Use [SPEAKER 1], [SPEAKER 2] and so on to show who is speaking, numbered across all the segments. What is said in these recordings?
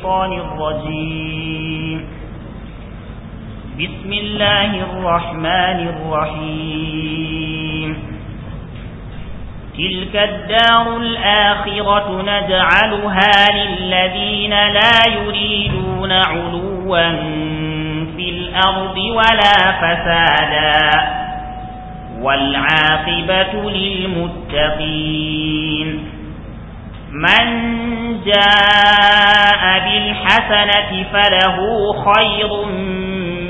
[SPEAKER 1] الشيطان الرجيم بسم الله الرحمن الرحيم تلك الدار الآخرة نجعلها للذين لا يريدون علوا في الأرض ولا فسادا والعاقبة للمتقين من جاء بالحسنة فله خير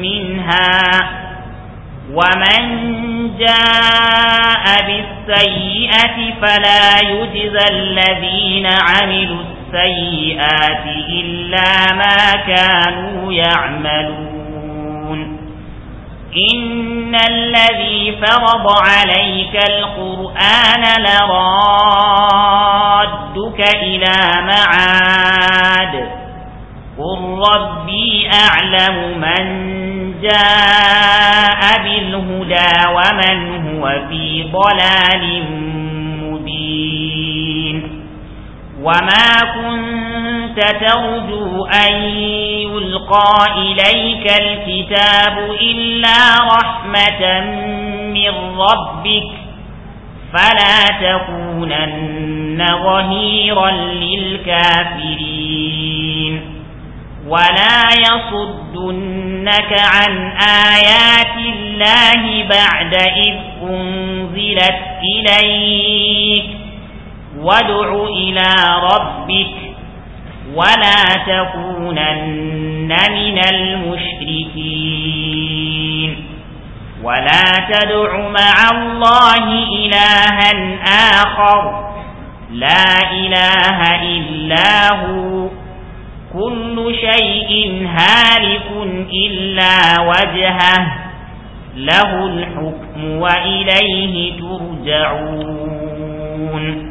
[SPEAKER 1] منها ومن جاء بالسيئة فلا يجزى الذين عملوا السيئات إلا ما كانوا يعملون إن الذي فرض عليك القرآن لرادك إلى معاد قل ربي أعلم من جاء بالهدى ومن هو في ضلال مبين وما كنت ترجو أن يلقى إليك الكتاب إلا رحمة من ربك فلا تكونن ظهيرا للكافرين ولا يصدنك عن آيات الله بعد إذ أنزلت إليك وادع إلى ربك ولا تكونن من المشركين ولا تدع مع الله إلها آخر لا إله إلا هو كل شيء هالك إلا وجهه له الحكم وإليه ترجعون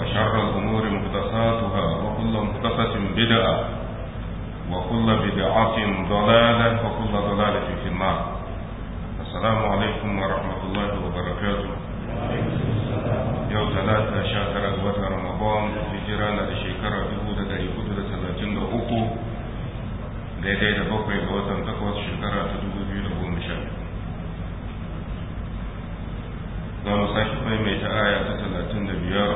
[SPEAKER 2] وشر الأمور محدثاتها وكل محدثة بدعة وكل بدعة ضلالة وكل ضلالة في النار السلام عليكم ورحمة الله وبركاته يوم ثلاثة شهر الوتر رمضان في جيران لشيكرة بهودة لأيهودة ثلاثين أوكو daidai da bakwai ga watan takwas shekara ta dubu biyu da goma sha za mu sake maimaita aya ta talatin da biyar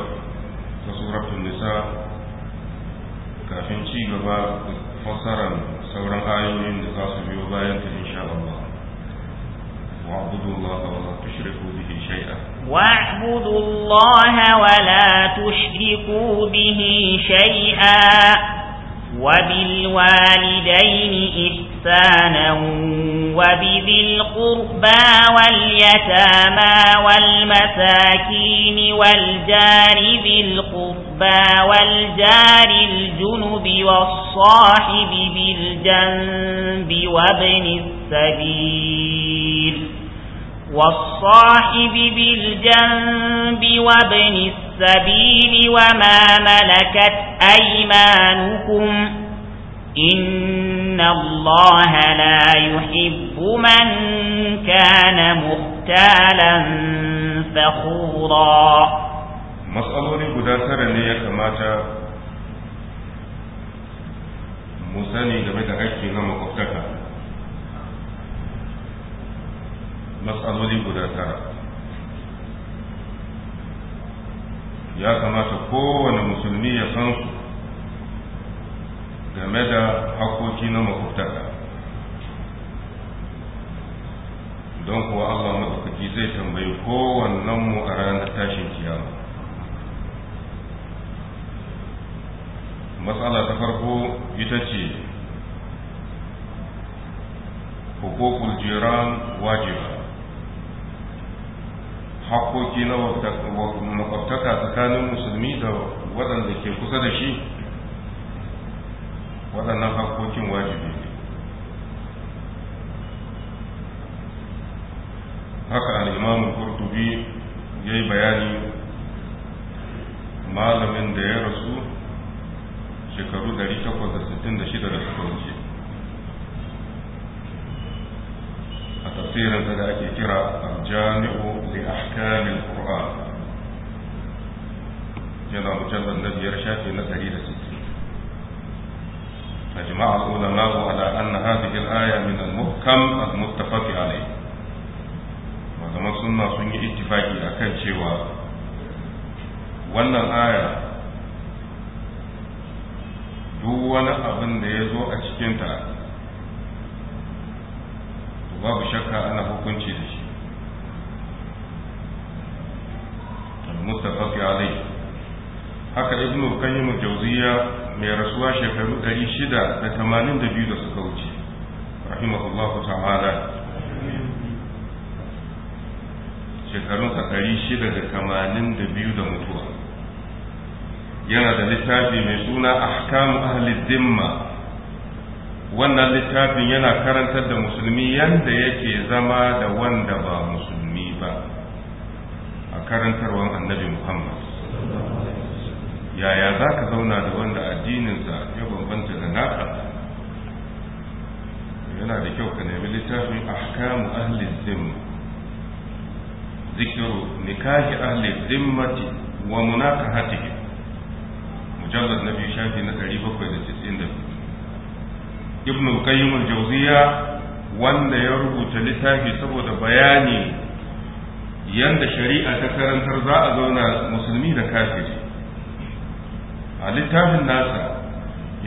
[SPEAKER 2] ta suratul nisa kafin ci gaba da fassarar sauran ayoyin da za su biyo bayan ta insha Allah واعبدوا الله ولا تشركوا به شيئا
[SPEAKER 1] واعبدوا الله ولا تشركوا به شيئا وبالوالدين إحسانا وبذي القربى واليتامى والمساكين والجار ذي القربى والجار الجنب والصاحب بالجنب وابن السبيل والصاحب بالجنب وابن السبيل وما ملكت أيمانكم إن الله لا يحب من كان مختالا فخورا
[SPEAKER 2] مسألوني قداسر لي يتماتا musani game أكي aiki na matsaloli guda tara ya kamata kowane musulmi ya san su game da hakoki na makwabtaka don kuwa Allah maɗaukaki zai tambayi kowannen mu a ranar tashin kiyama matsala ta farko ita ce hukukul jiran wajiba haƙoƙi na makwabtaka tsakanin musulmi da waɗanda ke kusa da shi waɗannan haƙoƙin wajibi ne haka al'imamu kurtubi ya yi bayani malamin da ya rasu shekaru 866 da suka wuce tafsirin da ake kira al-jami'u li ahkam al-qur'an yana mujallal na biyar shafi na 160 ajma'a al-ulama ala anna hadhihi al-aya min al-muhkam al-muttafaq alayh malaman sunna sun yi ittifaki akan cewa wannan aya duk wani abin da ya zo a cikinta babu shakka ana hukunci da shi mustafafi alai haka ibnu qayyim jawziya mai rasuwa shekaru 682 da suka wuce rahimahullahu ta'ala shekarunsa 682 da mutuwa yana da littafi mai suna ahkamu ahli dhimma wannan littafin yana karantar da musulmi yadda yake zama da wanda ba musulmi ba a wani annabi muhammad yaya za ka zauna da wanda addininsa ya bambanta da naka yana da kyau ka nemi littafin ahkamu ahli zimma zikiru nikahi ahli zimma wa munakahatihim Mujallar na biyu shafi na 792 ibn al-qayyim al-jawziya wanda ya rubuta littafi saboda bayani yanda shari'a ta karantar za a zauna musulmi da kafiri a littafin nasa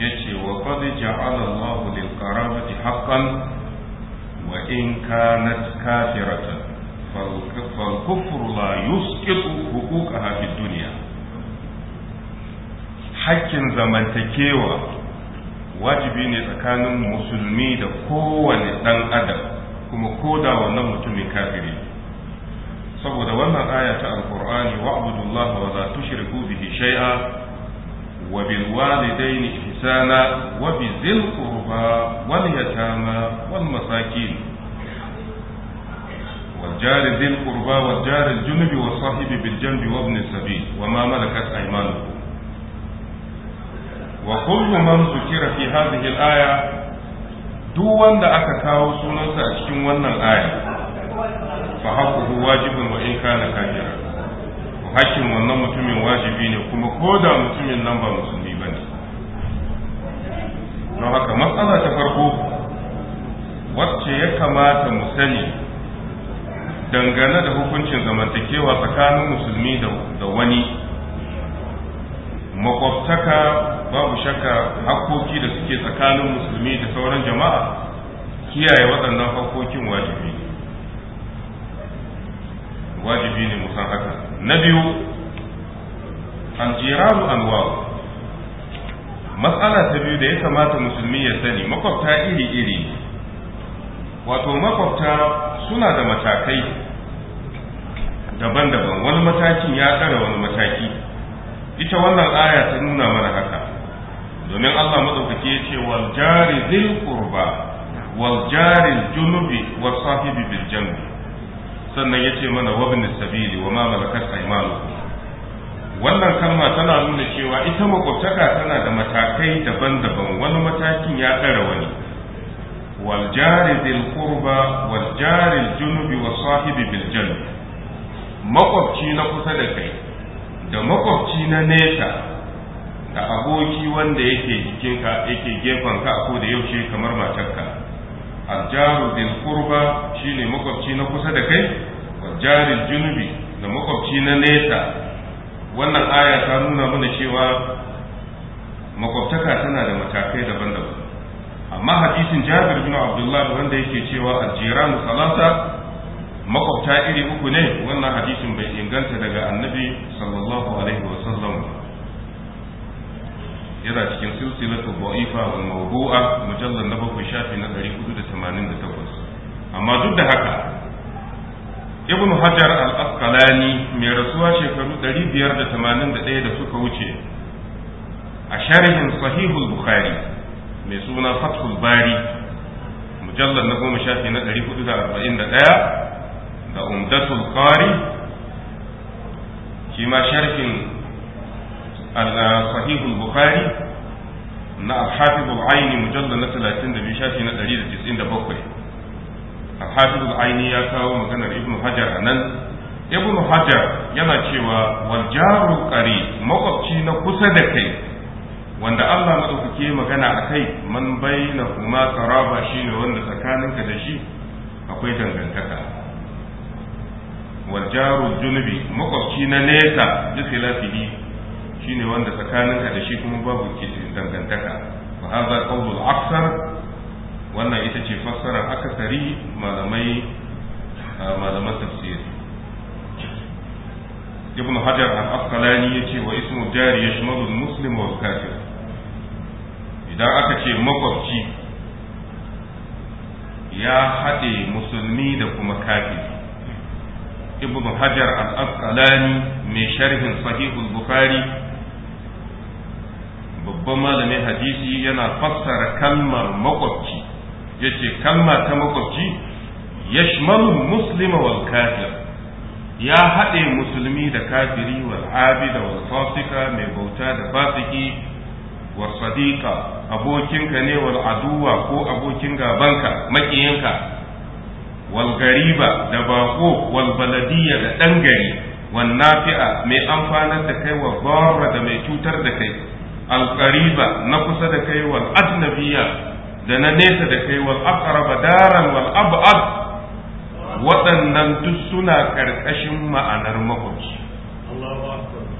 [SPEAKER 2] ce wa qad ja'ala Allahu lil qarabati haqqan wa in kanat kafiratan فالكفر لا يسقط حقوقها في الدنيا hakkin zamantakewa wajibi ne tsakanin musulmi da kowane ɗan adam kuma ko da wannan mutumin kafiri saboda wannan aya ta alkur'ani wa abdullah wa la tushriku bihi shay'a wa bil walidaini ihsana wa bi zil qurba wal yatama wal masakin wal jari dhil qurba wal jari al junubi was sahibi bil janbi wa ibn sabil wa ma malakat aymanukum wa kullu man zukira fi hadhihi al-aya duk wanda aka kawo sunansa a cikin wannan aya fa haqquhu wajibun wa in kana kafira hakkin wannan mutumin wajibi ne kuma ko da mutumin nan ba musulmi bane don haka matsala ta farko wacce ya kamata mu sani dangane da hukuncin zamantakewa tsakanin musulmi da wani makwabtaka babu shakka hakkoki da suke tsakanin musulmi da sauran jama'a kiyaye waɗannan hakokin wajibi wajibi ne musan haka na biyu aljiraru anwaru matsala ta biyu da ya kamata musulmi ya sani makwabta iri-iri wato makwabta suna da matakai daban-daban wani matakin ya tsara wani mataki ita wannan aya ta nuna mana haka domin Allah madaukake ya ce wal jari zil qurba wal jari junubi wa sahibi bil janbi sannan ya ce mana wabin sabili wa ma malakat aymanukum wannan kalma tana nuna cewa ita makwabtaka tana da matakai daban-daban wani matakin ya tsara wani wal jari zil qurba wal jari junubi wa sahibi bil janbi makwabci na kusa da kai da makwabci na nesa da aboki wanda yake jikinka yake gefenka a ko da yaushe kamar matarka aljaru bil qurba shine makwabci na kusa da kai wajaril junubi da makwabci na nesa wannan aya ta nuna mana cewa makwabtaka tana da matakai daban-daban amma hadisin jabir bin abdullahi wanda yake cewa aljiran salasa makwabta iri uku ne wannan hadisin bai inganta daga annabi sallallahu alaihi wa sallam yana cikin silsilatu da'ifa wal mawdu'a mujallal na bakwai shafi na 488 amma duk da haka ibn hajar al-asqalani mai rasuwa shekaru 581 da suka wuce a sharhin sahihul bukhari mai suna fathul bari mujallal na goma shafi na 441 da umdatul qari shi ma sharhin sahihul bukhari na alhafizul aini mujallar na 32 shafi na 197 alhafizul aini ya kawo maganar ibnu hajar a nan ibnu hajar yana cewa wal qari makwabci na kusa da kai wanda Allah ke magana a kai man karaba shi ne wanda tsakaninka da shi akwai dangantaka wa jarul junubi makwabci na nesa bi khilafihi shine wanda tsakaninka da shi kuma babu dangantaka fa hadha qawlul wannan ita ce fassarar akasari malamai malaman tafsir ibn hajar al-asqalani yace wa ismu jari yashmalu al-muslim wal kafir idan aka ce makwabci ya haɗe musulmi da kuma kafiri ibn hajar al-asqalani mai sharhin sahihul bukhari babban malamin hadisi yana fassara kalmar makwabci yace kalma ta makwabci yashmalu muslima wal kafir ya haɗe musulmi da kafiri wal da wal fasika mai bauta da fasiki wa sadiqa abokinka ne wal aduwa ko abokin gabanka makiyinka Walgariba da bako wal baladiyya da ɗan gari wan nafi'a mai amfanar da kai wa darra da mai cutar da kai al qariba na kusa da kai wal ajnabiyya da na nesa da kai wal aqraba daran wal ab'ad waɗannan duk suna ƙarƙashin ma'anar makwabci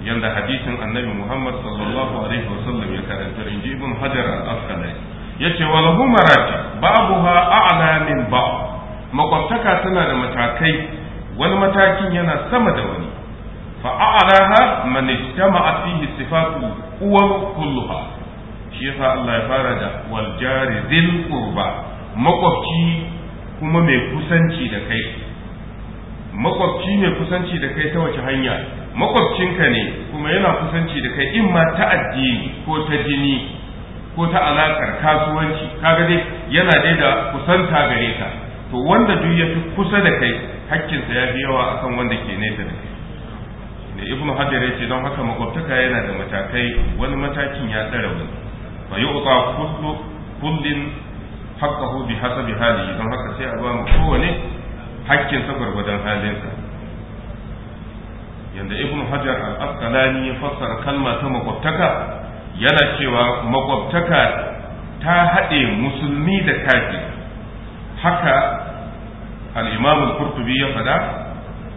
[SPEAKER 2] yanda hadisin annabi Muhammad sallallahu alaihi ya karanta inji ibn Hajar al-Asqalani yace wal "Babu ha'a a'la min ba'd makwabtaka tana da matakai wani matakin yana sama da wani fa'a'alaha man ijtama'a fihi sifatu uwar kulluha shi yasa Allah ya fara da wal jari dhil qurba makwabci kuma mai kusanci da kai makwabci mai kusanci da kai ta wace hanya makwabcinka ne kuma yana kusanci da kai in ta addini ko ta jini ko ta alakar kasuwanci kaga dai yana dai da kusanta gare ka to wanda duk ya fi kusa da kai hakkinsa ya fi yawa akan wanda ke nesa da kai da ibnu hajar ya ce don haka makwabtaka yana da matakai wani matakin ya tsara wani fa yi uta kullin haqqahu bi hali, don haka sai a ba mu kowane hakkin gwargwadon halinsa yanda ibnu hajar al-asqalani ya fassara kalma ta makwabtaka yana cewa makwabtaka ta haɗe musulmi da kafiri haka al-imam ya fada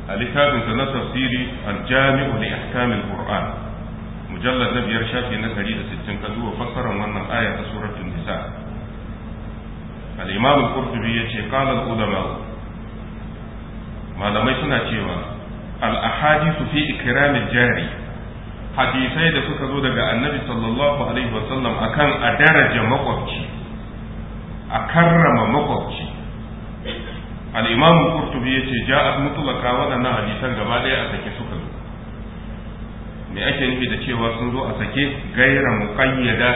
[SPEAKER 2] a littafin na tafsiri al-jami'u li ahkam al na biyar shafi na 160 ka zuwa fassarar wannan aya ta suratul nisa al-imam al-qurtubi yace qala malamai suna cewa al-ahadithu fi jari hadisai da suka zo daga annabi sallallahu alaihi akan a daraja makwabci a karrama makwabci al-imamu qurtubi yace ja'a mutlaka waɗannan hadisan gaba ɗaya a sake suka zo me ake nufi da cewa sun zo a sake gairan ƙayyada?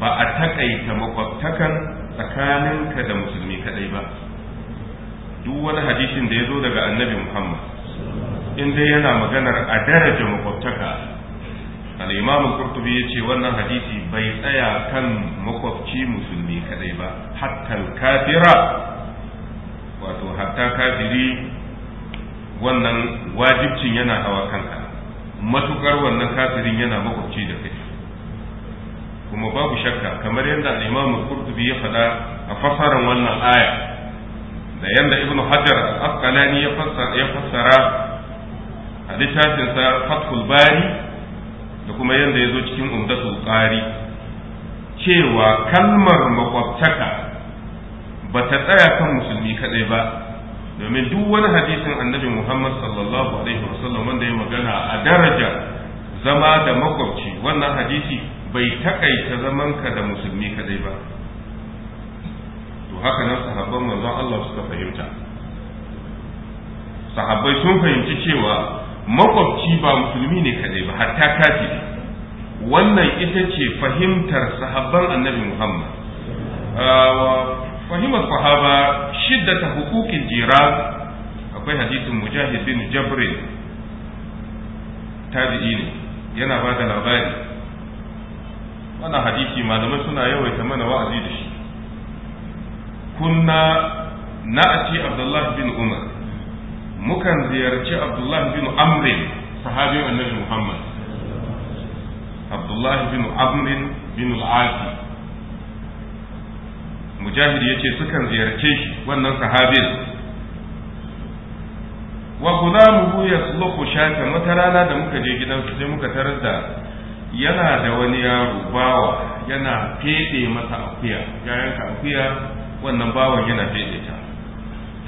[SPEAKER 2] ba a taƙaita makwabtakan tsakaninka da musulmi kaɗai ba duk wani hadisin da ya zo daga annabi muhammad in dai yana maganar a daraja makwabtaka al kurtubi al-qurtubi yace wannan hadisi bai tsaya kan makwabci musulmi kadai ba hatta al-kafira wato hatta kafiri wannan wajibcin yana hawa kanka matukar wannan kafirin yana makwabci da kai kuma babu shakka kamar yadda al kurtubi ya faɗa a fasaran wannan aya da yadda ibn hajar al-asqalani ya fassara ya fassara a littafinsa fathul bari da kuma yadda ya zo cikin umdatu ƙari cewa kalmar makwabtaka ba ta tsaya kan musulmi kaɗai ba domin duk wani hadisin annabi muhammad sallallahu alaihi wasallam wanda ya magana a daraja zama da makwabci wannan hadisi bai taƙaita zamanka da musulmi kaɗai ba to haka nan sahabban manzon Allah suka fahimta sahabbai sun fahimci cewa makwabci ba musulmi ne kadai ba hatta kafiri wannan ita ce fahimtar sahabban annabi muhammad ah, fahimar sahaba shiddata hukukin jira akwai hadisin mujahid bin jabrin tabi'i ne yana ba da labari wannan hadisi malamai suna yawaita mana wa'azi da shi kunna na a ce abdullahi bin umar mukan ziyarci abdullahi bin amrin wa annabi muhammad abdullahi bin amrin bin al'afi mujahid ya ce sukan ziyarce shi wannan sahabin wa mu ya tsoko shatan wata rana da muka je gidansu sai muka tarar da yana da wani yaro bawa yana fede masa akuya ya yanka akuya wannan bawan yana fede ta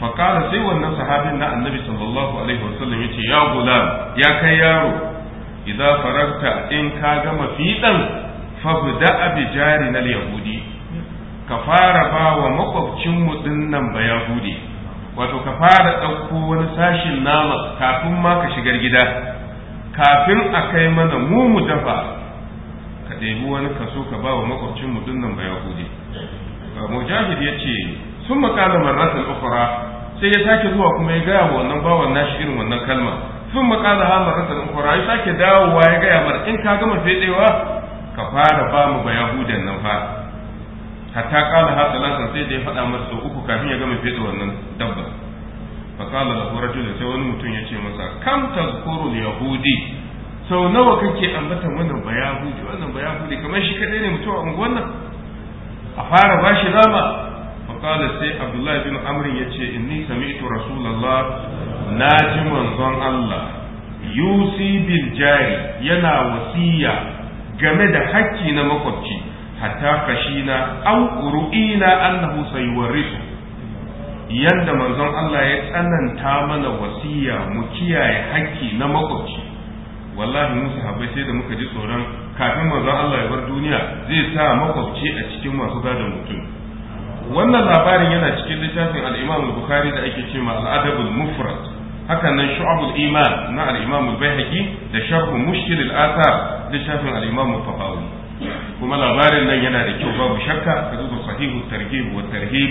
[SPEAKER 2] faƙara sai wannan sahabin na annabi sallallahu alaihi wasallam ya ya gulam ya kai yaro idan faranta in ka gama fiɗan fabda bi jari na yahudi ka fara ba wa makwabcin mu dinnan ba yahudi wato ka fara ɗauko wani sashin nama kafin ma ka shigar gida kafin a kai mana mu mu dafa ka ɗebi wani kaso ka ba wa makwabcin mu dinnan ba yahudi mujahid yace sun makala marratul ukhra sai ya sake zuwa kuma ya gaya wa wannan bawan nashi irin wannan kalma sun makala ha marratul ukhra ya sake dawowa ya gaya mar in ka gama fedewa ka fara ba mu bayahudan nan fa hatta kala ha salatan sai da ya faɗa masa sau uku kafin ya gama fede wannan dabba fa kala lahu rajulun sai wani mutum ya ce masa kam tazkuru yahudi sau nawa kake ambatan wannan bayahudi wannan bayahudi kamar shi kadai ne mutum a unguwan nan a fara bashi rama قال سي عبد الله بن عمرو يجي إني سمعت رسول الله ناجم ظن الله يوصي بالجاري ينا وصية جمد حكي نمقبتي حتى خشينا أو رؤينا أنه سيورثه yadda manzon Allah ya tsananta mana wasiya mu kiyaye haƙƙi na makwabci wallahi musu habai sai da muka ji tsoron kafin manzon Allah ya bar duniya zai sa makwabci a cikin masu gadon mutum wannan labarin yana cikin littafin al-Imam al-Bukhari da ake cewa al-Adab al-Mufrad haka nan al Iman na al-Imam al-Baihaqi da Sharh Mushkil al-Athar littafin al-Imam al tabawi kuma labarin nan yana da kyau babu shakka ka duba sahihu targhib wa tarhib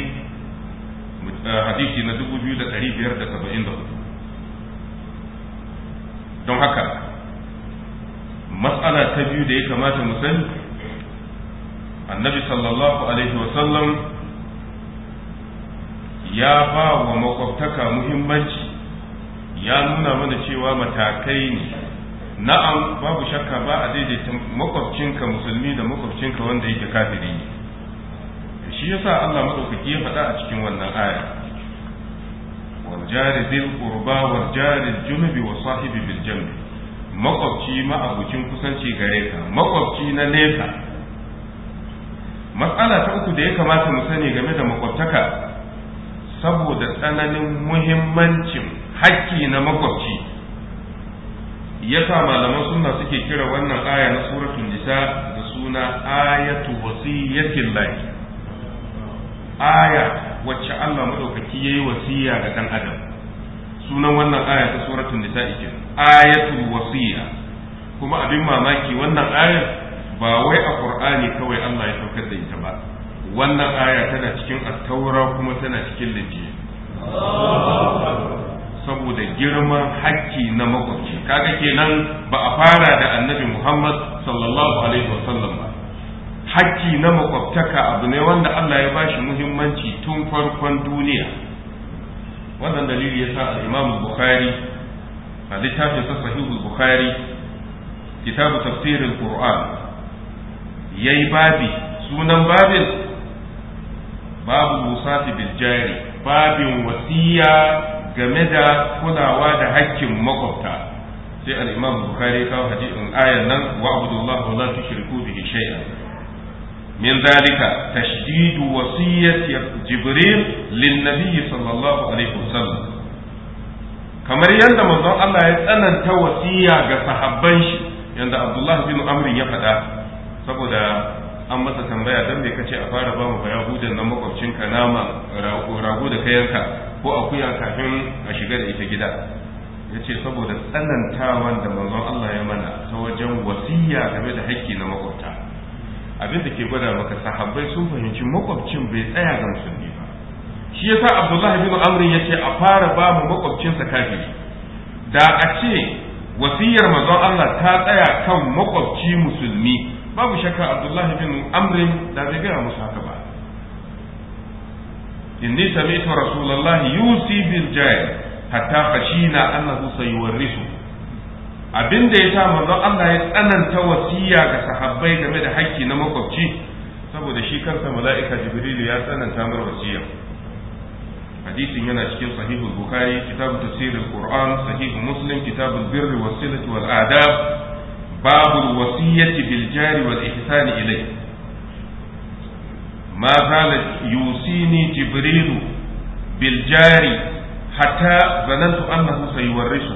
[SPEAKER 2] eh, hadisi na 2574 don haka mas'ala ta biyu da ya kamata mu sani annabi sallallahu alaihi wa sallam ya ba wa makwabtaka muhimmanci ya nuna mana cewa matakai ne na'am babu shakka ba a daidaita makwabcinka musulmi da makwabcinka wanda yake kafiri ne shi yasa Allah madaukaki ya faɗa a cikin wannan aya wal jari bil qurba wal jari junubi wa sahibi bil jambi makwabci ma'abucin kusanci gare ka makwabci na nesa matsala ta uku da ya kamata mu sani game da makwabtaka saboda tsananin muhimmancin hakki na makwabci ya sa malaman suna suke kira wannan aya na suratun nisa da suna ayatu wasiyyatin lahi aya wacce Allah madaukaki yayi wasiya ga dan adam sunan wannan aya ta suratun nisa ke ayatu wasiya kuma abin mamaki wannan ayar ba wai a qur'ani kawai Allah ya saukar da ita ba wannan aya tana cikin attaura kuma tana cikin linji saboda girman hakki na makwabci kaga kenan ba a fara da annabi muhammad sallallahu alaihi wasallam ba hakki na makwabtaka abu ne wanda allah ya bashi muhimmanci tun farkon duniya wannan dalili ya sa al-imam bukhari a littafin sa sahihul bukhari kitabu tafsirin qur'an yayi babi sunan babin babu Musa bil jari babin wasiya game da kulawa da hakkin makwabta sai al-imam bukhari kawo hadisin ayan nan wa abdullah wa la tushriku bihi shay'an min zalika tashdidu wasiyyati jibril lin sallallahu alaihi kamar yadda manzon Allah ya tsananta wasiya ga sahabban shi yadda abdullah bin amr ya faɗa saboda an masa tambaya don bai kace a fara ba mu ba yahudan nan makwabcinka nama rago da kayanka ko akuya kafin a shiga da ita gida ya ce saboda tsanantawan da manzon Allah ya mana ta wajen wasiya game da haƙƙi na makwabta abin da ke gwada maka sahabbai sun fahimci makwabcin bai tsaya ga musulmi ba shi yasa Abdullahi bin Amr ya ce a fara ba mu makwabcinsa kafiri da a ce wasiyar manzon Allah ta tsaya kan makwabci musulmi babu shakka abdullahi bin amrin da zai gaya musu haka ba inni ta rasulullahi yusi bil jahl hatta khashina annahu sayuwarrisu abin da ya sa manzon Allah ya tsananta wasiya ga sahabbai game da hakki na makwabci saboda shi kansa mala'ika jibrilu ya tsananta mar wasiya hadisin yana cikin sahihul bukhari kitabut tafsir alquran sahih muslim kitabul birri was silati wal adab babu wasiyyati bil jari wal ihsani ilai ma zala yusini jibrilu bil jari hatta zanantu annahu sayuwarrisu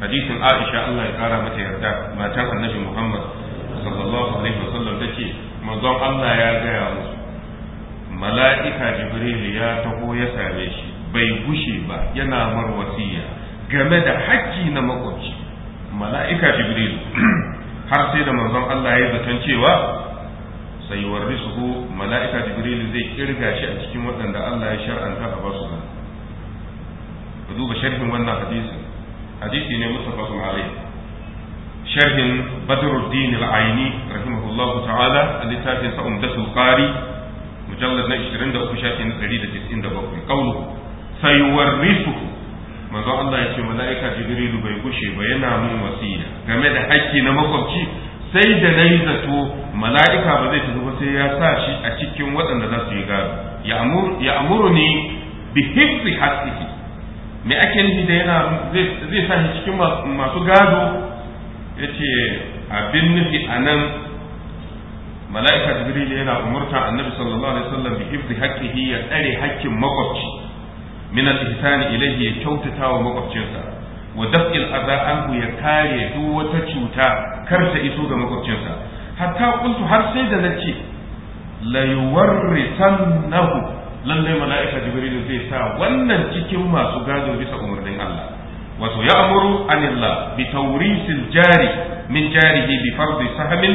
[SPEAKER 2] hadisin aisha Allah ya kara mata yarda matar annabi Muhammad sallallahu alaihi wasallam tace manzon Allah ya gaya musu mala'ika jibril ya taho ya same shi bai gushe ba yana mar wasiya game da hakki na makwabci mala'ika jibril har sai da manzon Allah ya zaton cewa sai warrisuhu mala'ika jibril zai kirga shi a cikin waɗanda Allah ya shar'anta a basu nan ku duba sharhin wannan hadisi hadisi ne mutafakun alai sharhin badruddin al-aini rahimahullahu ta'ala a littafin sa umdatul qari mujallad na 23 shafin 197 qawlu sayuwarrisuhu manzo Allah ya ce mala'ika jibrilu bai gushe ba yana mun wasiya game da hakki na makwabci sai da nayi zato mala'ika ba zai tafi ba sai ya sa shi a cikin waɗanda za su yi gado ya amuru ni bi hifzi haƙƙi me ake nufi da yana zai sa shi cikin masu gado ya ce abin nufi a nan mala'ika jibrilu yana umurta annabi sallallahu alaihi wasallam bi hifzi haƙƙihi ya tsare haƙƙin makwabci min al-ihsani ilayhi ya kyautata wa makwabcinsa wa daf'il adha anhu ya kare duk wata cuta kar ta iso ga makwabcinsa hatta kuntu har sai da na nace la nahu. Lallai mala'ika jibril zai sa wannan cikin masu gado bisa umarnin Allah wato ya'muru anillah bi tawrisil jari min jarihi bi fardi sahmin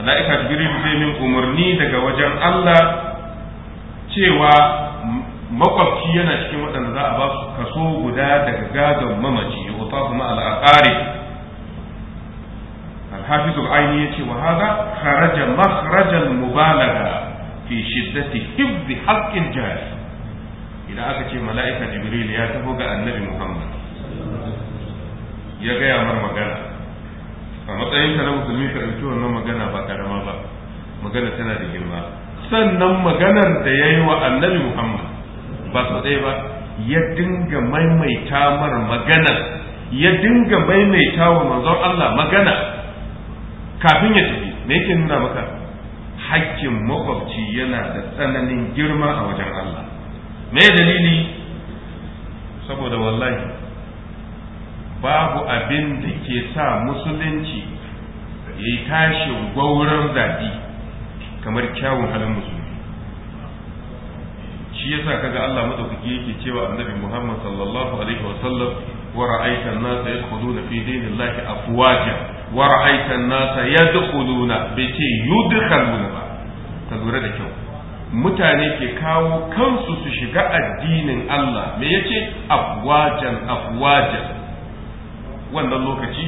[SPEAKER 2] mala'ika jibril zai min umarni daga wajen Allah cewa makwabci yana cikin waɗanda za a ba su kaso guda daga gadon mamaci ya wata kuma al'akari alhafizul aini ya ce wa haza kharaja makharajan mubalaga fi shiddati hibbi haƙƙin jari idan aka ce mala'ika jibril ya taho ga annabi muhammad ya gaya mar magana a matsayin ka na musulmi ka ɗauki wannan magana ba karama ba magana tana da girma sannan maganar da ya yi wa annabi muhammad ba su dai ba ya dinga maimaita mar magana ya dinga maimaita wa manzon Allah magana kafin ya tafi me yake nuna maka hakkin makwabci yana da tsananin girma a wajen Allah me dalili saboda wallahi babu abin da ke sa musulunci ya yi tashin gwauran zaɓi kamar kyawun halin musulunci shi yasa kaga Allah madaukaki yake cewa annabi Muhammad sallallahu alaihi wa sallam wa ra'aita an-nasa yadkhuluna fi dinillahi afwaja wa ra'aita an-nasa yadkhuluna bai ce yudkhaluna ba ka lura da kyau mutane ke kawo kansu su shiga addinin Allah me yace afwajan afwajan wannan lokaci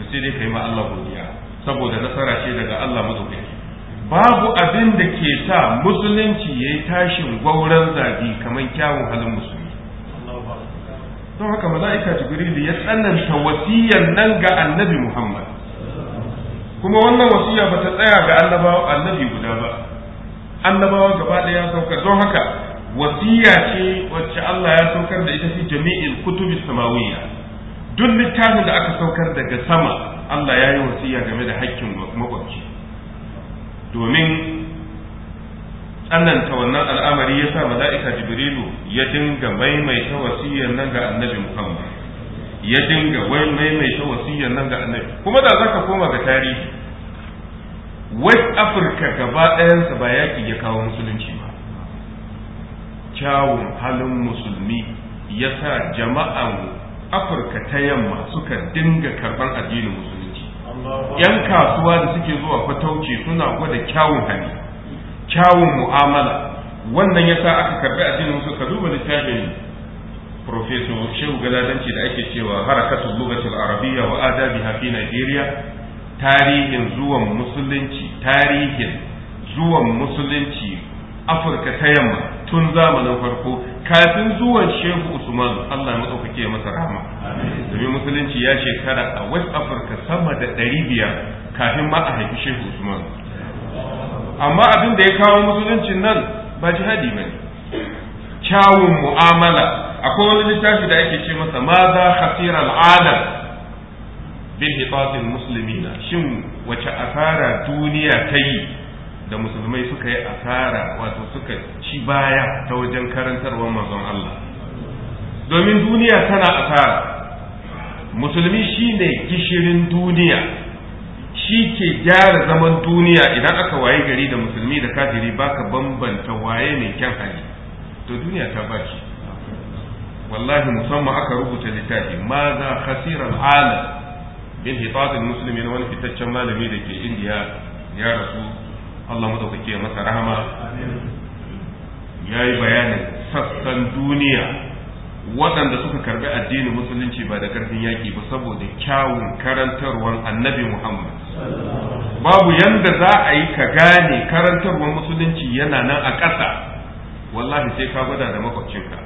[SPEAKER 2] to sai dai kai ma Allah godiya saboda nasara ce daga Allah madaukaki babu abin da ke sa musulunci ya yi tashin gwauran zabi kamar kyawun halin musulmi don haka mala'ika jibrilu ya tsananta wasiyan nan ga annabi muhammad kuma wannan wasiya ba ta tsaya ga annabi guda ba annabawa gaba ɗaya saukar don haka wasiya ce wacce Allah ya saukar da ita fi jami'in kutubi samawiyya duk littafin da aka saukar daga sama Allah ya yi wasiya game da haƙƙin makwabci domin tsananta wannan al'amari ya sa mala'ika jibrilu ya dinga maimaita wasiyyar nan ga annabi muhammad ya dinga maimaita wasiyyar nan ga annabi kuma da za ka koma ga tarihi west africa gaba ɗayansa ba yaƙi ya kawo musulunci ba kyawun halin musulmi ya sa jama'an afirka ta yamma suka dinga karɓar addinin musulmi.
[SPEAKER 3] yan kasuwa
[SPEAKER 2] da suke zuwa fatauci suna gwada kyawun hali kyawun mu'amala wannan yasa aka karbi addinin su ka duba littafin professor shehu galadanci da ake cewa harakatul lugatul arabiyya wa adabiha fi najeriya tarihin zuwan musulunci tarihin zuwan musulunci afirka ta yamma tun zamanin farko kafin zuwan shehu usman allah ya ya masa rahama domin musulunci ya shekara a west africa sama da ɗari biyar kafin ma a haifi shehu usman amma abin da ya kawo musuluncin nan ba jihadi ba ne kyawun mu'amala akwai wani littafi da ake ce masa ma za khasira al'alam bin hitatin muslimina shin wace asara duniya ta yi da musulmai suka yi asara wato suka ci baya ta wajen karantarwar manzon Allah domin duniya tana asara musulmi shine gishirin duniya shi ke gyara zaman duniya idan aka waye gari da musulmi da kafiri baka bambanta waye mai kyan hali to duniya ta baki wallahi musamman aka rubuta littafi ma za khasiran alam bin hitabin musulmi na wani fitaccen malami da ke indiya ya rasu Allah madaukake masa rahama ya yi bayanin sassan duniya waɗanda suka karbi addinin musulunci ba da karfin yaƙi ba saboda kyawun karantarwar annabi Muhammad babu yanda za a yi ka gane karantarwar musulunci yana nan a ƙasa wallahi sai ka gwada da makwabcinka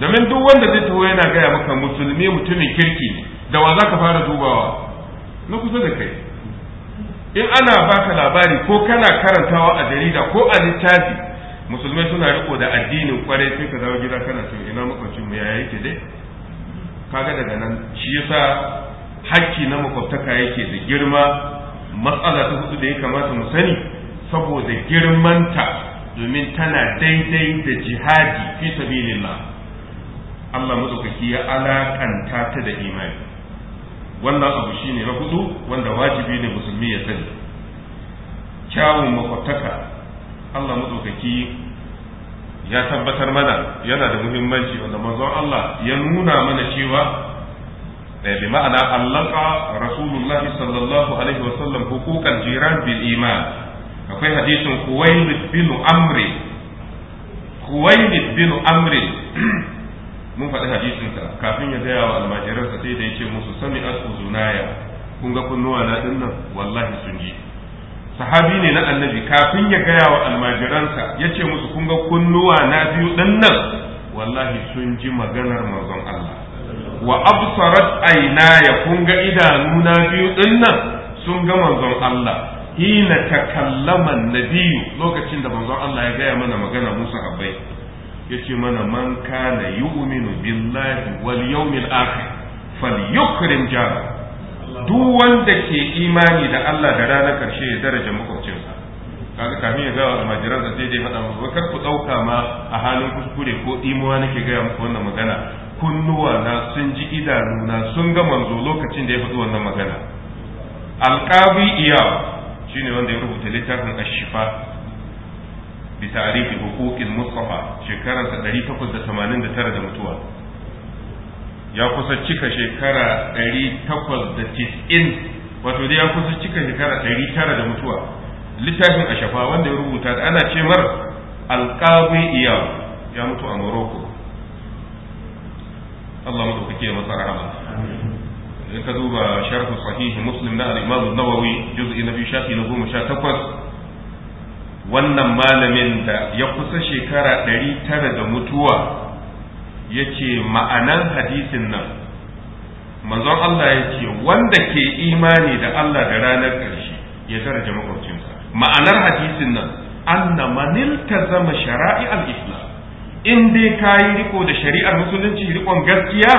[SPEAKER 2] domin duk wanda zai taho yana gaya maka musulmi mutumin kirki da wa za ka fara dubawa na kusa da kai in ana baka labari ko kana karantawa a jarida ko a littafi musulmai suna riko da addinin kwarai sai ka dawo gida kana to ina makwabcin mu yaya yake dai kaga daga nan shi yasa hakki na makwabtaka yake da girma matsala ta hudu da ya kamata mu sani saboda girmanta domin tana daidai da jihadi fi sabilillah Allah madaukaki ya alakanta ta da imani wannan abu shine na hudu wanda wajibi ne musulmi ya sani kyawun makwabtaka Allah madaukaki ya tabbatar mana yana da muhimmanci wanda manzon Allah ya nuna mana cewa eh, bi ma'ana allaka rasulullah sallallahu alaihi wa sallam hukukan jiran bil iman akwai hadisin kuwailid bin amri kuwailid bin amri mun faɗi hadisinsa kafin ya gaya wa almajiransa sai da ya ce musu sami as zunaya kun ga kunnuwa na din nan wallahi sun ji sahabi ne na annabi kafin ya gaya wa almajiransa ya ce musu kun ga kunnuwa na biyu din nan wallahi sun ji maganar manzon Allah wa absarat ya kun ga idanu na biyu din nan sun ga manzon Allah hina takallama nabiyu lokacin da manzon Allah ya gaya mana magana musa abai? yace mana man kana yu'minu billahi wal yawmil akhir falyukrim jar duk wanda ke imani da Allah da ranar karshe ya daraja makwabcinsa kaga kafin ya gawa almajiran da sai dai faɗa musu kar ku ɗauka ma a halin kuskure ko imuwa nake gaya muku wannan magana kunnuwa na sun ji idanu na sun ga manzo lokacin da ya faɗi wannan magana alqabi iya shine wanda ya rubuta littafin ashifa بتعريف حقوق المصطفى شكرا تدري تقص ثمانين ترى دمتوا يا قصة تشيكا شكرا تدري تقص تسئن wato dai ya kusa cika shekara ɗari tara da mutuwa littafin a shafa wanda ya rubuta da ana ce mar alƙawai iya ya mutu a morocco Allah mu kake masa rahama in ka duba sharh sahih muslim na al-imam an-nawawi juz'i na biyu shafi na goma sha takwas wannan malamin da ya kusa shekara ɗari tara da mutuwa ya ce ma'anan hadisin nan manzon Allah ya ce wanda ke imani da Allah da ranar ƙarshe ya daraja makwabcinsa ma'anar hadisin nan anna manil zama shara'i al-islam in dai kayi riko da shari'ar musulunci rikon gaskiya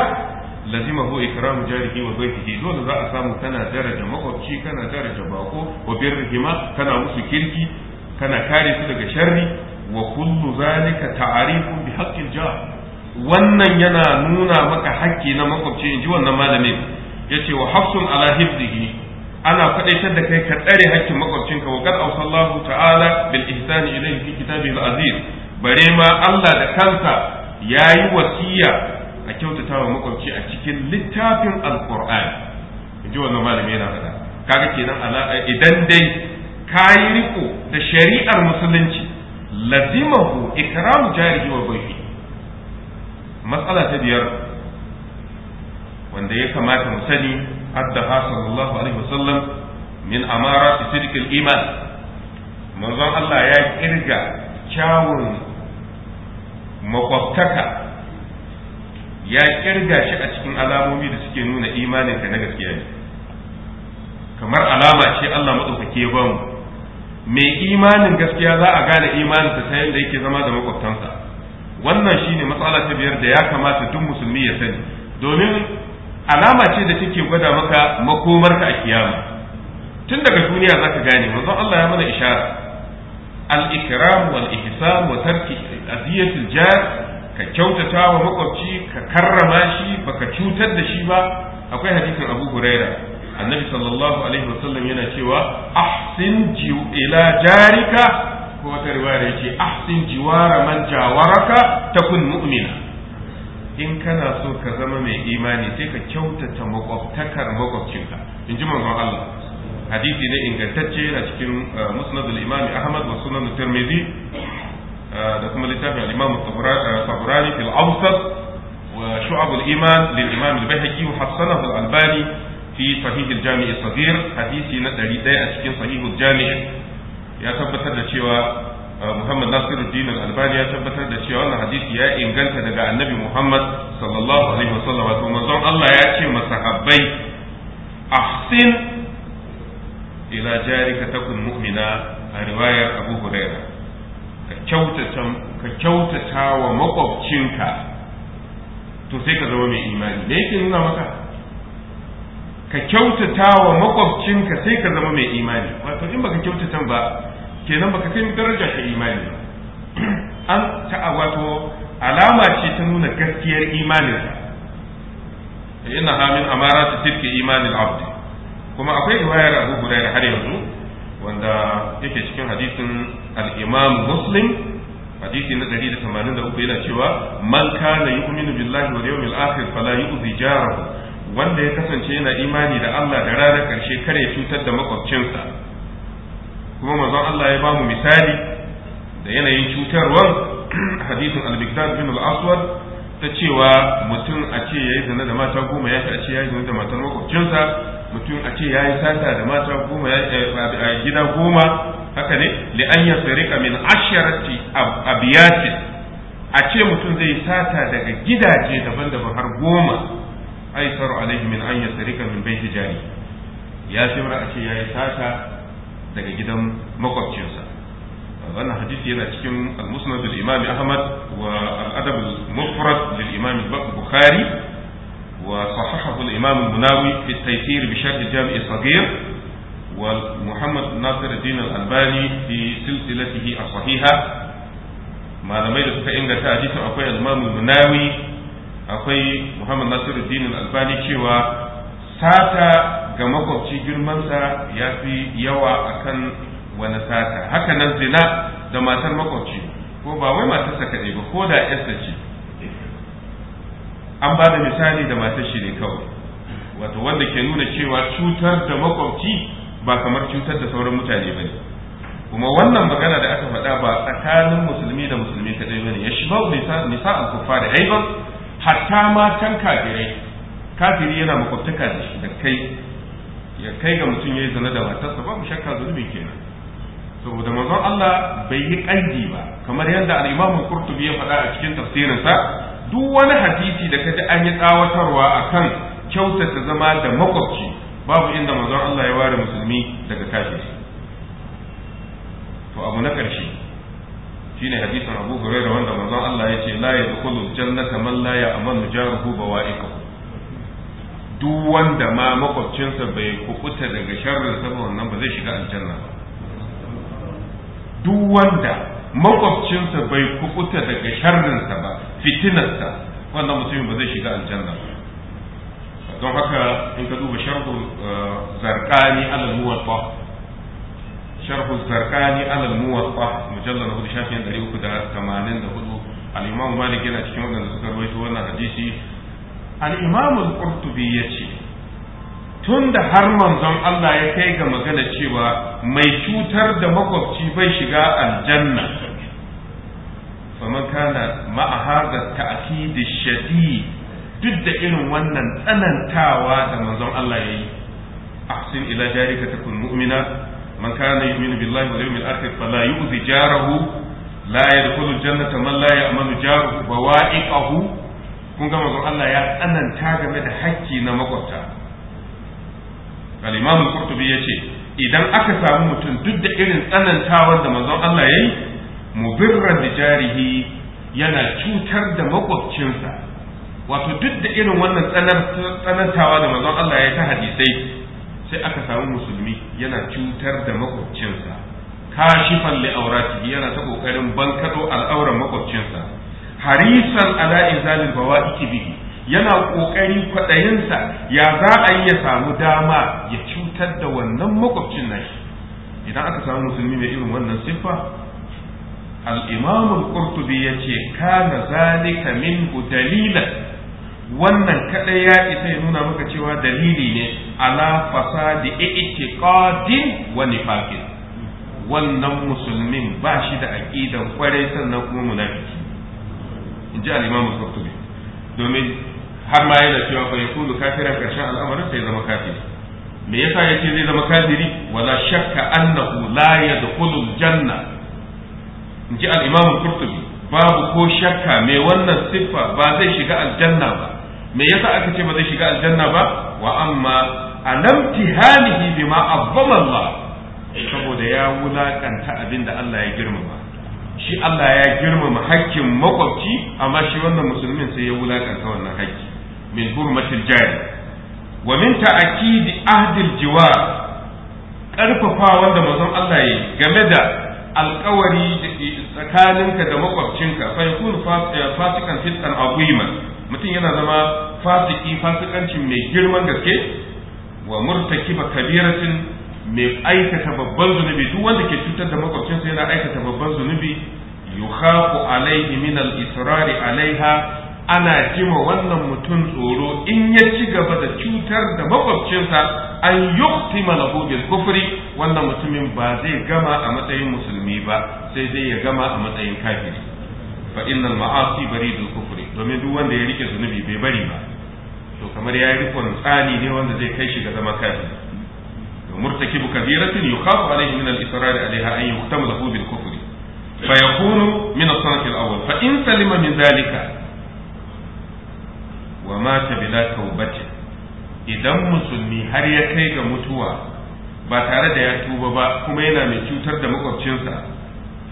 [SPEAKER 2] lazima hu ikramu jarihi wa baitihi dole za a samu kana daraja makwabci kana daraja bako wa birrihima kana musu kirki kana kare su daga sharri wa kullu zalika ta'arifun bi haqqil jar wannan yana nuna maka haƙƙi na makwabci in ji wannan malamin yace wa hafsun ala hifzihi ana faɗaitar da kai ka tsare haƙƙin makwabcinka wa qad awsallahu ta'ala bil ihsani ilayhi fi kitabihi al-aziz bare ma Allah da kansa yayi wasiya a kyautata wa makwabci a cikin littafin alqur'ani in ji wannan malamin yana faɗa kaga kenan idan dai ka yi riko da shari'ar musulunci lazimahu ikramu jarihi wa bai'i matsala ta biyar wanda ya kamata mu sani ha sallallahu alaihi wasallam min amara fi sidqil iman manzon Allah ya kirga kyawun makwabtaka ya kirga shi a cikin alamomi da suke nuna imaninka na gaskiya ne kamar alama ce Allah madaukake ya bamu mai imanin gaskiya za a gane imanin ta yadda yake zama da makwabtansa wannan shine matsala ta biyar da ya kamata duk musulmi ya sani domin alama ce da take gwada maka makomarka a kiyama tun daga duniya za ka gane manzon Allah ya mana ishara al-ikram wal ihsan wa tarki aziyatil jar ka kyautata wa makwabci ka karrama shi baka cutar da shi ba akwai hadisin Abu Hurairah annabi sallallahu alaihi wasallam yana cewa ahsin ila jarika ko wata riwaya yake ahsin jiwara man jawaraka takun mu'mina in kana so ka zama mai imani sai ka kyautata makwabtakar makwabcinka in ji manzon Allah hadisi ne ingantacce yana cikin uh, musnadul imam Ahmad wa sunan Tirmidhi uh, da kuma littafin al-Imam Tabrani uh, fil wa Shu'ab al-Iman lil Imam al-Baihaqi wa albani fi sahihul jami'i sagir hadisi na 100 a cikin sahihul jami'i ya tabbatar da cewa uh, Muhammad Nasiruddin Al-Albani ya tabbatar da cewa wannan hadisi ya inganta daga Annabi Muhammad sallallahu alaihi wasallam wato manzon Allah ya ce masahabbai ahsin ila jarika takun a riwayar Abu Hurairah ka kyautata ka kyautata wa makwabcinka to sai ka zama mai imani me yake nuna maka ka kyautata wa makwabcinka sai ka zama mai imani wato in baka kyautata ba kenan baka kai daraja ta imani ba an ta wato alama ce ta nuna gaskiyar imanin inna hamin amara ta tilke imanin abdi kuma akwai riwayar abu hurairah har yanzu wanda yake cikin hadisin al-imam muslim hadisi na 183 yana cewa man kana yu'minu billahi wal yawmil akhir fala yu'zi jarahu wanda ya kasance yana imani da Allah da ranar ƙarshe kare cutar da makwabcinsa kuma manzon Allah ya ba mu misali da yanayin cutarwar hadisin al-Biktar bin al-Aswad ta cewa mutum a ce yayi zina da mata goma ya a ce yayi zina da matar makwabcinsa mutum a ce yayi sata da mata goma ya eh, gida goma haka ne li an yasrika min asharati abiyatin a ce mutum zai sata daga gidaje daban-daban har goma aisar alaihi min an yasrika min baiti jari ya fi mura a ce yayi sata daga gidan makwabcinsa wannan hadisi yana cikin al-musnad al-imam ahmad wa al-adab al-mufrad lil-imam al bukhari wa sahahahu al-imam al-munawi fi at taysir bi sharh al-jami' al-saghir fi silsilatihi الدين الألباني في سلسلته الصحيحة ما لم يدفع إن حديث أقوى الإمام المناوي akwai muhammad dinin albani cewa sata ga makwabci girmansa ya fi yawa akan wani sata haka nan zina da matar makwabci ko ba wai matarsa kaɗai ba ko da yarsa ce an ba da misali da matar shi ne kawai wato wanda ke nuna cewa cutar da makwabci ba kamar cutar da sauran mutane ba ne kuma wannan magana da aka faɗa ba tsakanin musulmi da musulmi kaɗai ba ne ya shi nisa al da aiban hatta ma can kafirai kafiri yana makwabtaka da shi da kai ya kai ga mutum ya yi zana da matarsa babu shakka zunubi kenan saboda manzon Allah bai yi kanji ba kamar yadda al-Imam ya faɗa a cikin tafsirinsa duk wani hadisi da kaji an yi tsawatarwa akan kyautata zama da makwabci babu inda manzon Allah ya ware musulmi daga kafiri to abu na ƙarshe shine hadisin Abu Hurairah wanda manzon Allah yace la yadkhulul jannata man la ya'manu jaruhu bawa'ika duk wanda ma makwabcinsa bai kukuta daga sharrin saboda wannan ba zai shiga aljanna ba duk wanda makwabcinsa bai kukuta daga sharrinsa ba fitinarsa wannan mutumin ba zai shiga aljanna ba don haka in ka duba sharhul eh, zarqani alal muwaffaq sharh zarqani ala al-muwatta mujallad hudu shafin 384 al-imam malik yana cikin wadanda suka rawaito wannan hadisi al-imam al-qurtubi yace tunda har manzon Allah ya kai ga magana cewa mai cutar da makwabci bai shiga aljanna faman kana ma'a hadha ta'kid shadid duk da irin wannan tsanantawa da manzon Allah yayi ahsin ila jarika takun mu'mina man kana yu'minu billahi wal yawmil akhir fala yu'zi jarahu la yadkhulu al-jannata man la ya'manu jaruhu bawa'iqahu kun ga manzon Allah ya tsananta game da hakki na makwabta al-imam ya ce idan aka sami mutum duk da irin tsanantawa da manzon Allah mu mubirran da jarihi yana cutar da makwabcinsa wato duk da irin wannan tsanantawa da manzon Allah ya ta hadisai sai aka samu musulmi yana cutar da makwabcinsa kashifan li aurati yana ta kokarin bankado al'auran makwabcinsa harisan ala bawa iki bihi yana kokari kwadayinsa ya za a yi ya samu dama ya cutar da wannan makwabcin nashi idan aka samu musulmi mai irin wannan siffa al-imam al-qurtubi yace kana zalika min dalilan wannan kadai ya isa ya nuna maka cewa dalili ne ala fasadi i'tiqadin wa nifaqin wannan musulmin ba shi da aqidan kwarai sannan kuma munafiki in ji al-imam al-qurtubi domin har ma yana cewa fa yakunu kafiran karshen al'amarin sai zama kafiri me yasa yake zai zama kafiri wala shakka annahu la yadkhulul janna in ji al-imam al-qurtubi babu ko shakka mai wannan siffa ba zai shiga aljanna ba me yasa aka ce ba zai shiga aljanna ba wa amma alamtihanihi bima azzama Allah eh, saboda ya wulakanta abin da Allah ya girmama shi Allah ya girmama hakkin makwabci amma shi wannan musulmin sai ya wulakanta wannan hakki min hurmatil jari wa min ta'kidi ahdil jiwar karfafa wanda mazan Allah ya game da alkawari tsakaninka da makwabcinka fa yakun eh, fasikan fitan aziman mutum yana zama fasiki fasikancin mai girman gaske wa murtaki ba kabiratin mai aikata babban zunubi duk wanda ke cutar da makwabcinsa yana aikata babban zunubi Yuhaku alaihi min al-israri alaiha ana jima wannan mutum tsoro in ya ci gaba da cutar da makwabcinsa an yuktima lahu bil kufri wannan mutumin ba zai gama a matsayin musulmi ba sai dai ya gama a matsayin kafiri fa innal ma'asi baridul kufri domin duk wanda ya rike zunubi bai bari ba to kamar ya rikon tsani ne wanda zai kai shi ga zama kafi murtaki murtakibu kabiratin yukhafu alayhi min al-israr alayha an yuhtamalu bil kufr fa yakunu min as-sanat al-awwal fa in salima min zalika wa mata bila tawbati idan musulmi har ya kai ga mutuwa ba tare da ya tuba ba kuma yana mai cutar da makwabcinsa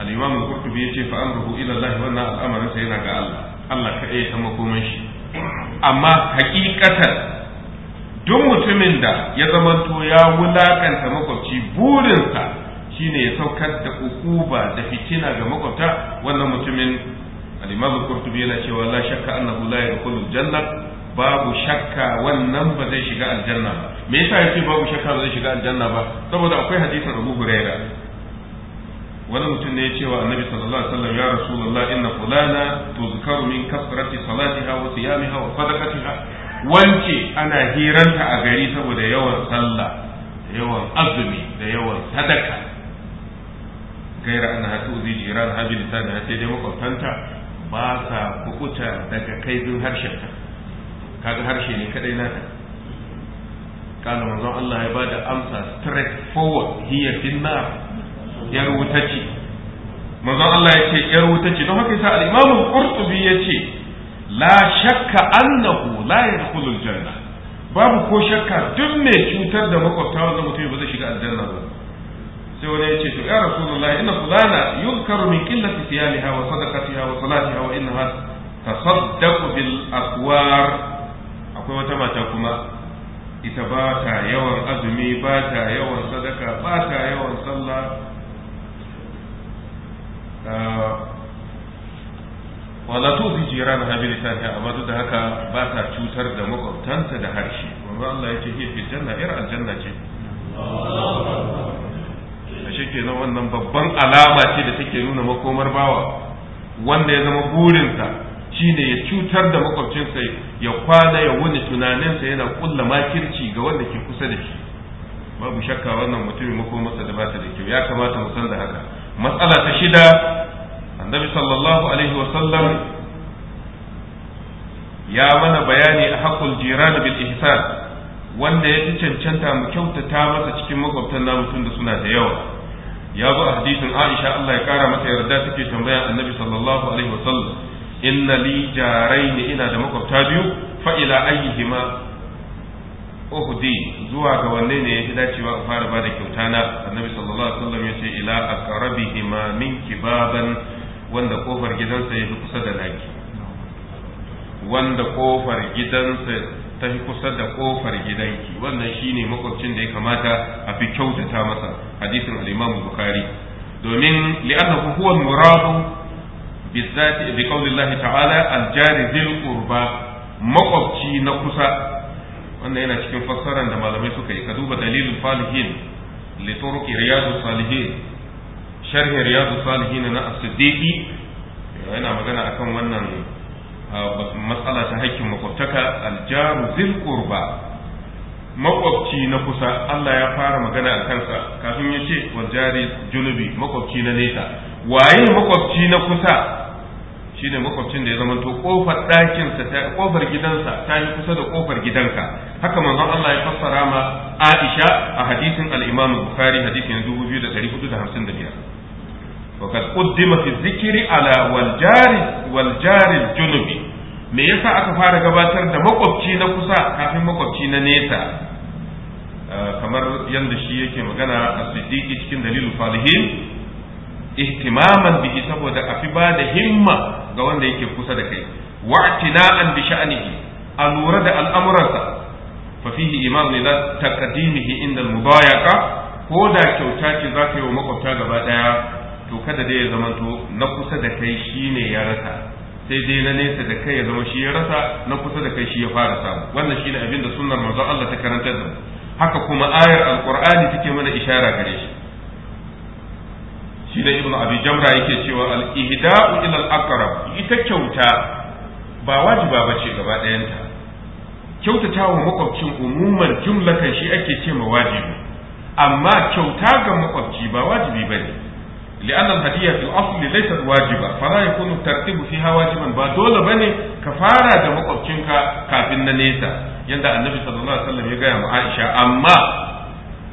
[SPEAKER 2] al-imam al-qurtubi yace fa amruhu ila Allah anna al sa yana ga Allah Allah kaɗai ya ta makoman shi amma hakikatar duk mutumin da ya zamanto ya wulakanta makwabci burinsa shine ya saukar da ukuba da fitina ga makwabta wannan mutumin al-imam qurtubi yana cewa la shakka annahu la yadkhulu aljanna. babu shakka wannan ba zai shiga aljanna ba me yasa yake babu shakka ba zai shiga aljanna ba saboda akwai hadisin Abu Hurairah wani mutum ne ya ce wa annabi sallallahu alaihi wasallam ya rasulullah inna fulana tuzkaru min kasrati salatiha wa siyamiha wa sadaqatiha wance ana hiranta a gari saboda yawan sallah yawan azumi da yawan sadaka gaira an hatu zai jiran habi lisan ya sai dai makwabtanta ba sa kukuta daga kaifin harshen ta kaga harshe ne kadai ka? kana manzon Allah ya bada amsa straight forward hiya now. yar wuta ce manzon Allah ya ce yar wuta ce don haka yasa al-Imam Qurtubi ya ce la shakka annahu la al janna babu ko shakka duk mai cutar da makwabta wannan mutum ba zai shiga aljanna ba sai wani ya ce to ya rasulullahi inna fulana yunkaru min qillati siyamiha wa sadaqatiha wa salatiha wa innaha tasaddaqu bil aqwar akwai wata mata kuma ita ba ta yawan azumi ba ta yawan sadaka ba ta yawan sallah Uh, wala to zai jira na habi lisani amma duk da haka ba ta cutar da makwabtanta da harshe wanda Allah ya ce hiya fi janna ir aljanna ce
[SPEAKER 3] a shikenan wannan babban alama
[SPEAKER 2] ce da take nuna makomar bawa wanda ya zama burinsa shine ya cutar da makwabcinsa ya kwana ya wuni tunaninsa yana kulla makirci ga wanda ke kusa da shi babu shakka wannan mutumin makomarsa da ba ta da kyau ya kamata mu san da haka matsala ta shida annabi sallallahu alaihi wasallam ya mana bayani a haƙul jiran bil ihsan wanda ya fi cancanta mu kyautata masa cikin makwabtan namu tun da suna da yawa ya zo a hadisin Aisha Allah ya kara masa yarda take tambaya annabi sallallahu alaihi wasallam inna li jaraini ina da makwabta biyu fa ila ayyihima uhdi zuwa ga wanne ne ya fi dacewa a fara bada kyauta na annabi sallallahu alaihi wasallam ya ce ila aqrabihima min kibaban wanda kofar gidansa ya fi kusa da naki wanda kofar gidansa ta fi kusa da kofar gidanki wannan shine makwabcin da ya kamata a fi kyautata masa hadisin al-imam bukhari domin li'annahu huwa muradu bizati bi qawli Allah ta'ala al-jari dhil qurba makwabci na kusa wanda yana cikin fassarar da malamai suka yi ka duba dalilin falihin litorki riyadu salihin sharhi riyadu salihin na as-siddiqi yana magana akan wannan matsala ta hakkin makwabtaka aljaru zil qurba makwabci na kusa Allah ya fara magana a kansa kafin ya ce wal jari junubi makwabci na nesa waye makwabci na kusa shine makwabcin da ya zama to kofar ɗakinsa ta kofar gidansa ta yi kusa da kofar gidanka haka manzon Allah ya fassara ma Aisha a hadisin al-Imam Bukhari hadisin 2455 وقد قدم في الذكر على wal والجار junubi me yasa aka fara gabatar da makwabci na kusa kafin makwabci na nesa ah, kamar yadda shi yake magana a siddiqi cikin dalilu salihin ihtimaman biki saboda a fi ba da himma ga wanda yake kusa da kai wa'tina'an bi sha'nihi a lura da al'amuransa fa fihi imanu ila taqdimihi inda al ko da kyauta ce za ka yi wa makwabta gaba daya to kada dai ya to na kusa da kai shine ya rasa sai dai na nesa da kai ya zama shi ya rasa na kusa da kai shi ya fara samu wannan shine abin da sunnar manzon Allah ta karanta da haka kuma ayar alqur'ani take mana ishara gare shi shi da Ibn abi jamra yake cewa al ihda'u ila al aqrab ita kyauta ba wajiba bace gaba ɗayanta kyautata wa makwabcin umuman jumlatan shi ake ce ma wajibi amma kyauta ga makwabci ba wajibi ba ne li'an al-hadiyya fil asli laysat wajiba fala yakunu tartibu fiha wajiban ba dole bane ka fara da makwabcinka kafin na nesa Yadda annabi sallallahu alaihi wasallam ya gaya ma Aisha amma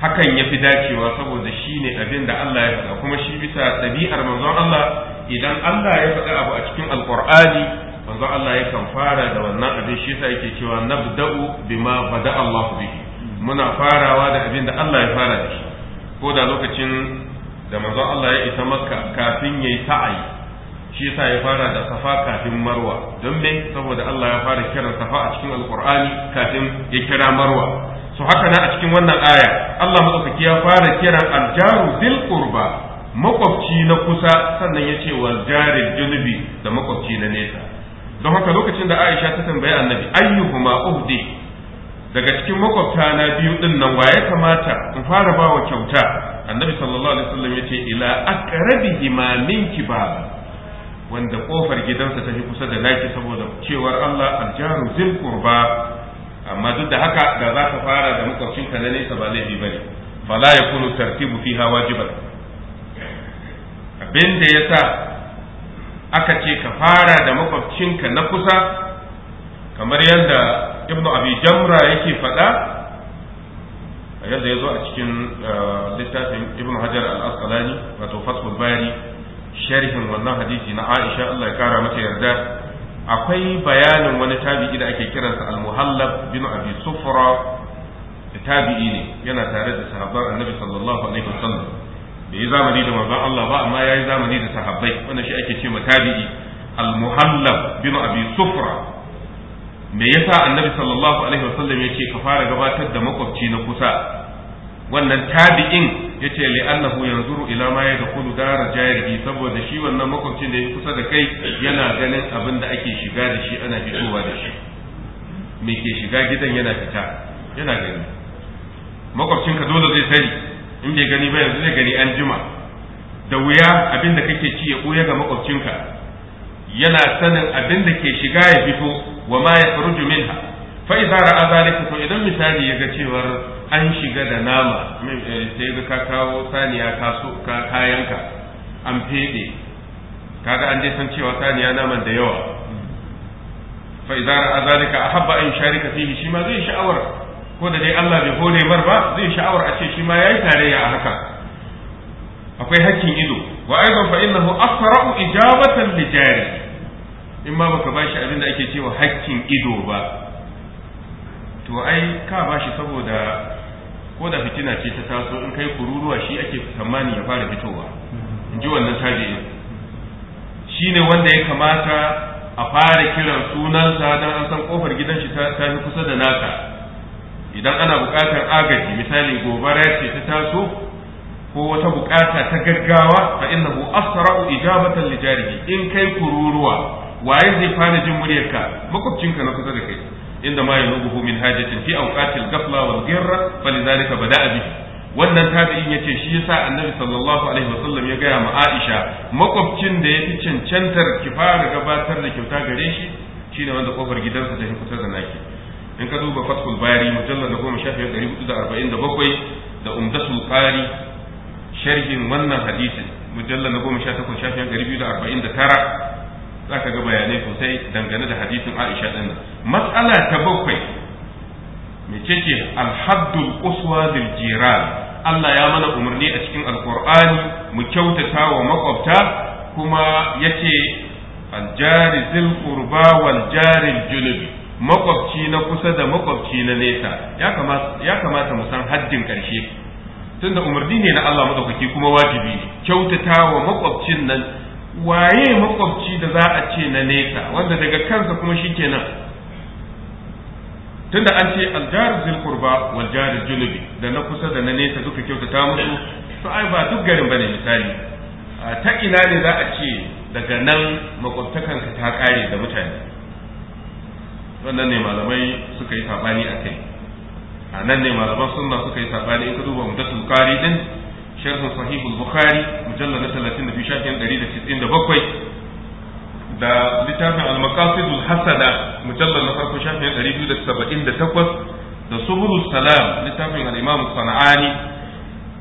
[SPEAKER 2] hakan ya fi dacewa saboda shine abin da Allah ya faɗa kuma shi bisa ɗabi'ar manzon Allah idan Allah ya faɗi abu a cikin alqur'ani manzo Allah yakan fara da wannan abin shi sa yake cewa nabda'u bima bada Allah bihi muna farawa da abin da Allah ya fara da shi ko da lokacin da manzo Allah ya isa Makka kafin yayi sa'ayi shi sa ya fara da Safa kafin Marwa don me saboda Allah ya fara kiran Safa a cikin Alqur'ani kafin ya kira Marwa so haka na a cikin wannan aya Allah madaukaki ya fara kiran aljaru dil qurba makwabci na kusa sannan ya ce wal jaril junubi da makwabci na nesa don haka lokacin da Aisha ta tambayi annabi ayyuhuma uhdi daga cikin makwabta na biyu din nan waye kamata in fara ba wa kyauta annabi sallallahu alaihi wasallam yace ila aqrabihi ma minki ba wanda kofar gidansa ta fi kusa da naki saboda cewar Allah aljaru zil qurba amma duk da haka da za ka fara da ka na nesa ba laifi bane fala yakunu tartibu fiha wajiban Abinda da yasa aka ce ka fara da makwabcinka na kusa kamar yadda ibnu abi jamra yake faɗa yadda ya zo a cikin uh, littafin ibnu hajar al-asqalani wato fathul bari sharhin wannan hadisi na aisha Allah ya kara mata yarda akwai bayanin wani tabi'i da ake kiransa al-muhallab bin abi sufra tabi'i ne yana tare da sahabban annabi sallallahu alaihi wasallam bai yi zamani da manzon Allah ba amma yayi zamani da sahabbai wannan shi ake cewa tabi'i al-muhallab bin abi sufra me yasa annabi sallallahu alaihi wasallam yace ka fara gabatar da makwabci na kusa wannan tabi'in yace li annahu yanzuru ila ma yadkhulu dara jarihi saboda shi wannan makwabcin da yake kusa da kai yana ganin abin da ake shiga da shi ana fitowa da shi me ke shiga gidan yana fita yana gani makwabcinka dole zai sani in bai gani ba yanzu zai gani an jima da wuya abin da kake ci ya koya ga makwabcinka yana sanin abin da ke shiga ya fito wa ma ya faru minha fa idza ra'a zalika to idan misali ya ga cewar an shiga da nama eh, sai ga ka kawo saniya ka so ka kayanka an fede kaga an je san cewa saniya naman da yawa fa idza ra'a zalika ahabba an sharika fihi shi ma zai sha'awar ko da dai Allah bai hore mar ba zai sha'awar a ce shi ma yayi tarayya a haka akwai hakkin ido wa aidan fa innahu asra'u ijabatan li jari in ma baka bashi abin da ake cewa hakkin ido ba to ai ka bashi saboda ko da fitina ce ta taso in kai kururuwa shi ake tsammani ya fara fitowa in ji wannan tabi'in shi ne wanda ya kamata a fara kiran sunansa don an san kofar gidan shi ta fi kusa da naka idan ana buƙatar agaji misali gobara ce ta taso ko wata buƙata ta gaggawa fa innahu asra'u ijabatan li jarihi in kai kururuwa waye zai fara jin muryarka makwabcinka na kusa da kai inda ma yanubuhu min hajatin fi awqatil ghafla wal ghirra falidhalika bada'a bihi wannan tabi'in yace shi yasa annabi sallallahu alaihi wasallam ya gaya ma Aisha makwabcin da fi cancantar ki fara gabatar da kyauta gare shi shine wanda kofar gidansa ta kusa da naki in ka duba fatkul bari mujallar da goma shafi ɗari hudu da arba'in da bakwai da umdatul qari sharhin wannan hadisin mujallar na goma sha takwas shafi ɗari biyu da arba'in da tara za ka ga bayanai sosai dangane da hadisin aisha ɗin nan matsala ta bakwai ce alhaddul uswa lil jiran Allah ya mana umarni a cikin alqur'ani mu kyautata wa makwabta kuma yace aljari zil qurba wal jari junubi makwabci na kusa da makwabci na nesa ya kamata mu san haddin karshe tunda umarni ne na Allah madaukaki kuma wajibi kyautata wa makwabcin nan waye makwabci da za a ce na nesa wanda daga kansa kuma shikenan tunda an ce aljar zil qurba wal jar junubi da na kusa da na nesa duka kyautata musu su ai ba duk garin bane misali ta ina ne za a ce daga nan makwabtakanka ta kare da mutane wannan ne malamai suka yi sabani a kai a nan ne malaman sunna suka yi sabani in ka duba umdatul qari din sharh sahihul bukhari na 32 shafin 197 da littafin al-maqasidul hasada mujallad na farko shafin 278 da subulus salam littafin al-imam sana'ani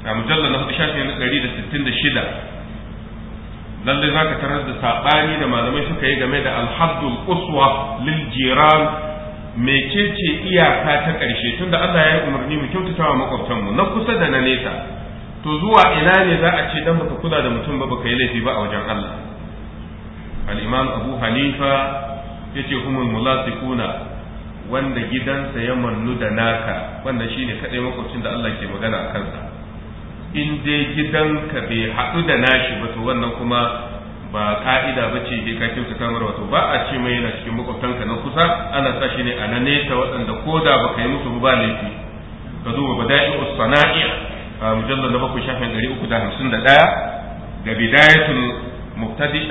[SPEAKER 2] a mujallad na hudu shafin 166 lallai za ka tarar da saɓani da malamai suka yi game da alhaddul uswa lil jiran mecece iyaka ta ƙarshe tunda Allah ya yi umarni mu kyautata wa makwabtanmu na kusa da na nesa to zuwa ina ne za a ce dan baka kula da mutum ba baka yi laifi ba a wajen Allah al Abu Hanifa yace humul mulasikuna wanda gidansa ya mannu da naka wanda shine kadai makwabcin da Allah ke magana a kansa in dai gidanka bai haɗu da nashi ba to wannan kuma
[SPEAKER 3] ba ka'ida ba ce ka kyauta kamar wato ba a ce mai yana cikin makwabtanka na kusa ana sa shi ne a na nesa waɗanda ko da baka yi musu ba laifi ka duba bada'i'us
[SPEAKER 2] sana'i a mujallar na bakwai shafin ɗari uku da hamsin da ɗaya da bidayatul muktadi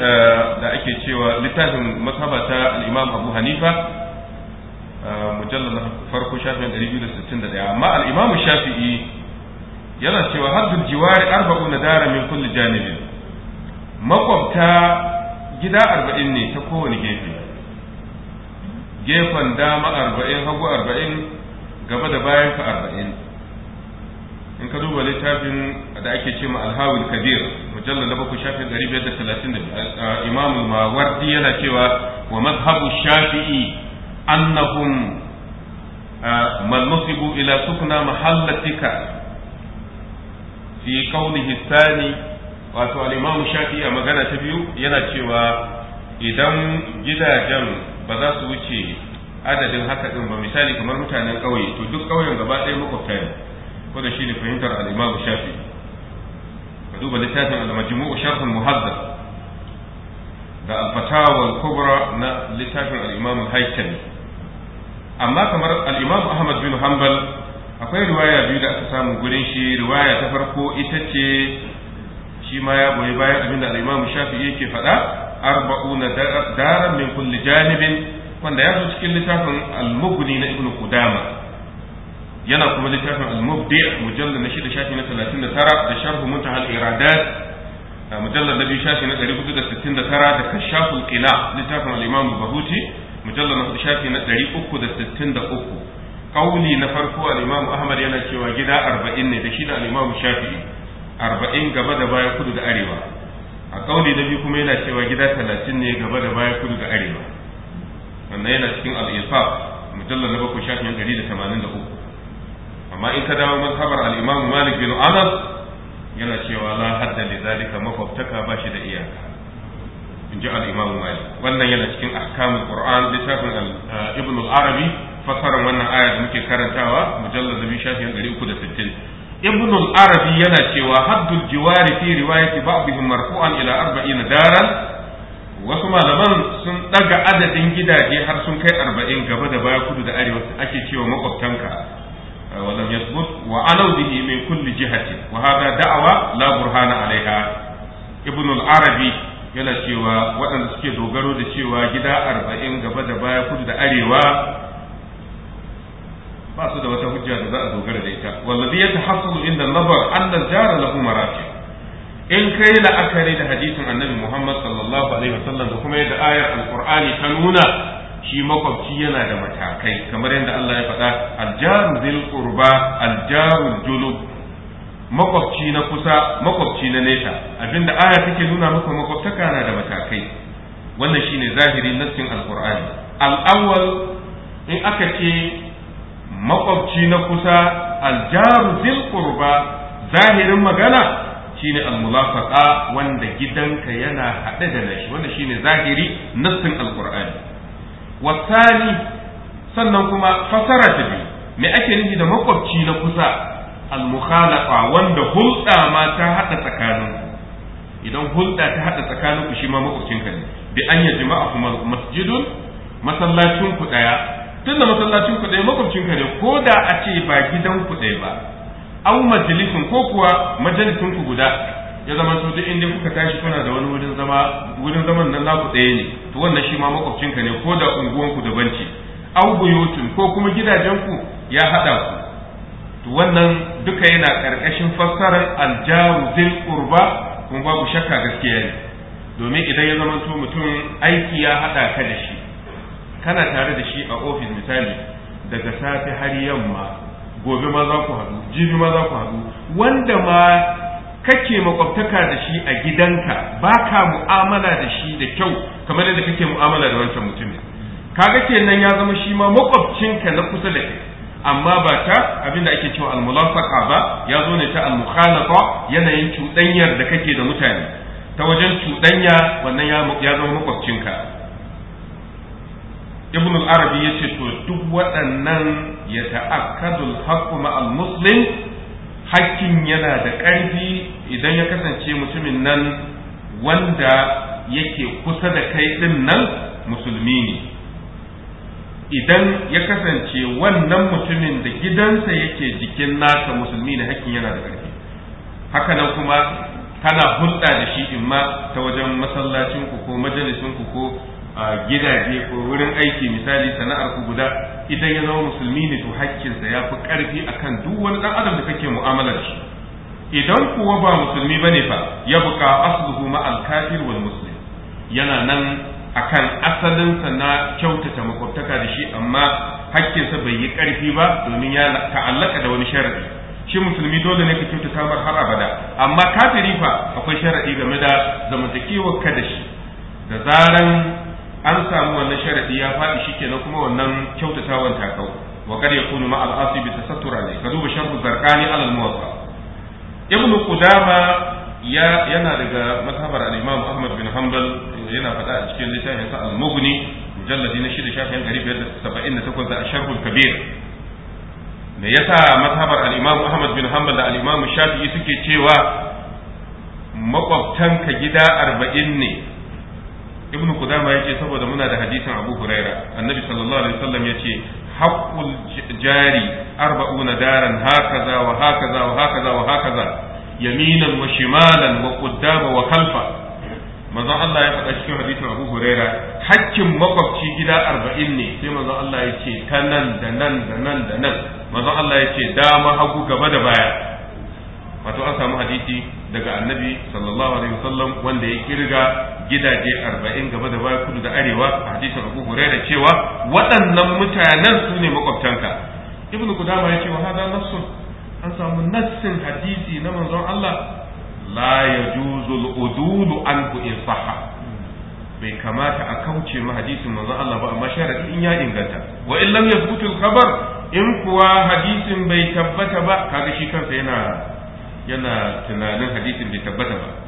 [SPEAKER 2] da ake cewa littafin masaba ta al-imam abu hanifa mujallar farko shafin 261 amma al-imam shafi'i yana cewa haddul jiwari na dara min kulli janibin makwabta gida arba'in ne ta kowane gefe gefen dama arba'in hagu arba'in gaba da bayan ka arba'in in ka duba littafin da ake ce ma alhawul kabir mujallar da bakwai shafin ɗari biyar da talatin da imamu mawardi yana cewa wa mazhabu shafi'i annahum mal nusibu ila sukna mahallatika fi kaunihi sani wato al shafi a magana ta biyu yana cewa idan gidajen ba za su wuce adadin haka din ba misali kamar mutanen ƙauye to duk ƙauyen gaba ɗaya makwabta ne ko da shi ne fahimtar al shafi. ka duba littafin al-majmu'u sharh al da al-fatawa al-kubra na littafin al-imam al-haytami amma kamar al-imam ahmad bin hanbal akwai riwaya biyu da aka samu gurin shi riwaya ta farko ita ce shi ma ya goyi bayan abin da alimamu shafi Shafi'i yake faɗa arba'u na daren min kulli janibin wanda ya zo cikin littafin almuguni na ibnu kudama yana kuma littafin almu'bdi a mujallar na shida shafi na talatin da tara sharh muntaha al-iradat mujallar na biyu shafi na hudu da sittin da da tara kashaful kina littafin alimamu Bahuti mujallar na shafi na uku da da sittin uku. kauli na farko al-Imam Ahmad yana cewa gida 40 ne da shi da al-Imam Shafi'i 40 gaba da baya kudu da arewa a kauli na biyu kuma yana cewa gida 30 ne gaba da baya kudu da arewa wannan yana cikin al-Isaf mujallal na bakwai shafin 183 amma in ka dawo mazhabar al-Imam Malik bin Anas yana cewa la hadda li zalika mafaftaka ba shi da iyaka in ji al-Imam Malik wannan yana cikin ahkamul Qur'an littafin Ibn al-Arabi fassarar wannan aya da muke karantawa mujallal zabi da 360 ibn al-arabi yana cewa haddul jiwari fi riwayati ba'dihim marfu'an ila 40 daran wasu malaman sun daga adadin gidaje har sun kai arba'in gaba da baya kudu da arewa ake cewa makwabtanka ولم يثبت min kulli jihati wa hada da'awa la burhana alaiha. Ibn al arabi yana cewa waɗanda suke dogaro da cewa gida arba'in gaba da baya kudu da arewa ba su da wata hujja da za a dogara da ita wallazi ya tahassalu inda nabar anna jara lahu marafi in kai la'akari da hadisin annabi Muhammad sallallahu alaihi wasallam da kuma yadda ayar alqur'ani ta nuna shi makwabci yana da matakai kamar yadda Allah ya faɗa aljaru zil qurba aljaru julub makwabci na kusa makwabci na nesa abinda aya take nuna maka makwabtaka na da matakai wannan shine zahiri nassin alqur'ani al-awwal in aka ce makwabci na kusa aljaru zil zahirin magana shine almulafaqa wanda gidanka yana haɗe da nashi wanda shine zahiri nassin alqur'ani wasani sannan kuma fasara ta biyu me ake nufi da makwabci na kusa almukhalafa wanda hulɗa ma ta haɗa tsakaninku idan hulɗa ta haɗa tsakaninku shi ma makwabcinka ne bi an yajma'a kuma masjidun masallacin ku ɗaya tun da masallacin ku ɗaya makwabcin ka ne ko da a ce ba gidan ku ɗaya ba an majalisin ko kuwa majalisin ku guda ya zama su duk inda kuka tashi kuna da wani wurin zama wurin zaman nan naku ɗaya ne to wannan shi ma makwabcin ka ne ko da unguwan ku daban ce aw buyutun ko kuma gidajen ku ya haɗa ku to wannan duka yana ƙarƙashin fassarar aljaru zil qurba kuma babu shakka gaskiya ne domin idan ya zama mutum aiki ya haɗa ka da shi kana tare da shi a ofis misali daga safe har yamma gobe ma za ku haɗu jibi ma za ku haɗu wanda ma kake makwabtaka da shi a gidanka ba ka mu'amala da shi da kyau kamar yadda kake mu'amala da wancan mutumin kaga kenan ya zama shi ma makwabcinka na kusa da kai amma ba ta abinda ake cewa almulafaka ba ya zo ne ta almukhalafa yanayin cuɗanyar da kake da mutane ta wajen cuɗanya wannan ya zama makwabcinka ibn al-arabi yace to duk waɗannan ya ta'akkadul haqqu al muslim hakkin yana da ƙarfi idan ya kasance mutumin nan wanda yake kusa da kai ɗin nan musulmi ne idan ya kasance wannan mutumin da gidansa yake jikin nasa musulmi ne hakkin yana da ƙarfi hakanan kuma kana hulɗa da shi ma ta wajen masallacinku ko majalisinku ko a gidaje ko wurin aiki misali sana'ar ku guda idan ya zama musulmi ne to hakkinsa ya fi ƙarfi akan duk wani ɗan adam da kake mu'amalar shi idan kuwa ba musulmi bane fa ya buƙa asluhu ma al-kafir wal muslim yana nan akan asalinsa na kyautata makwabtaka da shi amma hakkinsa bai yi ƙarfi ba domin ya ta'allaka da wani sharadi shi musulmi dole ne ka kyautata mar har abada amma kafiri fa akwai sharadi game da zamantakewar ka da shi da zaran an samu wannan sharadi ya faɗi kenan kuma wannan kyautatawan takau wa kad ya kunu ma'al asi bi tasattur alai ka duba sharh zarqani ne, al-muwatta ibnu qudama ya yana daga mazhabar al-imam ahmad bin hanbal yana faɗa a cikin littafin sa al-mughni mujalladi na 6 shafin 578 da sharh al-kabir me yasa mazhabar al-imam ahmad bin hanbal da al-imam shafi'i suke cewa ka gida arba'in ne ibn ya ce saboda muna da hadisin abu huraira annabi sallallahu alaihi wasallam yace haqqul jari arba'una daran hakaza wa hakaza wa hakaza wa hakaza yaminan wa shimalan wa qaddama wa manzon Allah ya faɗa cikin hadisin Abu Huraira hakkin makwabci gida arba'in ne sai manzon Allah ya ce ta nan da nan da nan da nan manzon Allah ya ce dama hagu gaba da baya wato an samu hadisi daga annabi sallallahu alaihi wasallam wanda ya kirga gidaje arba'in gaba da baya kudu da arewa a hadisin abu huraira cewa waɗannan mutanen su ne makwabtanka ibn kudama ya ce wa hada nassun an samu nassin hadisi na manzon Allah la yajuzu al-udulu an in sahha bai kamata a kauce ma hadisin manzon Allah ba amma sharadi in ya inganta wa in lam yathbutu al-khabar in kuwa hadisin bai tabbata ba kaga shi kansa yana yana tunanin hadisin bai tabbata ba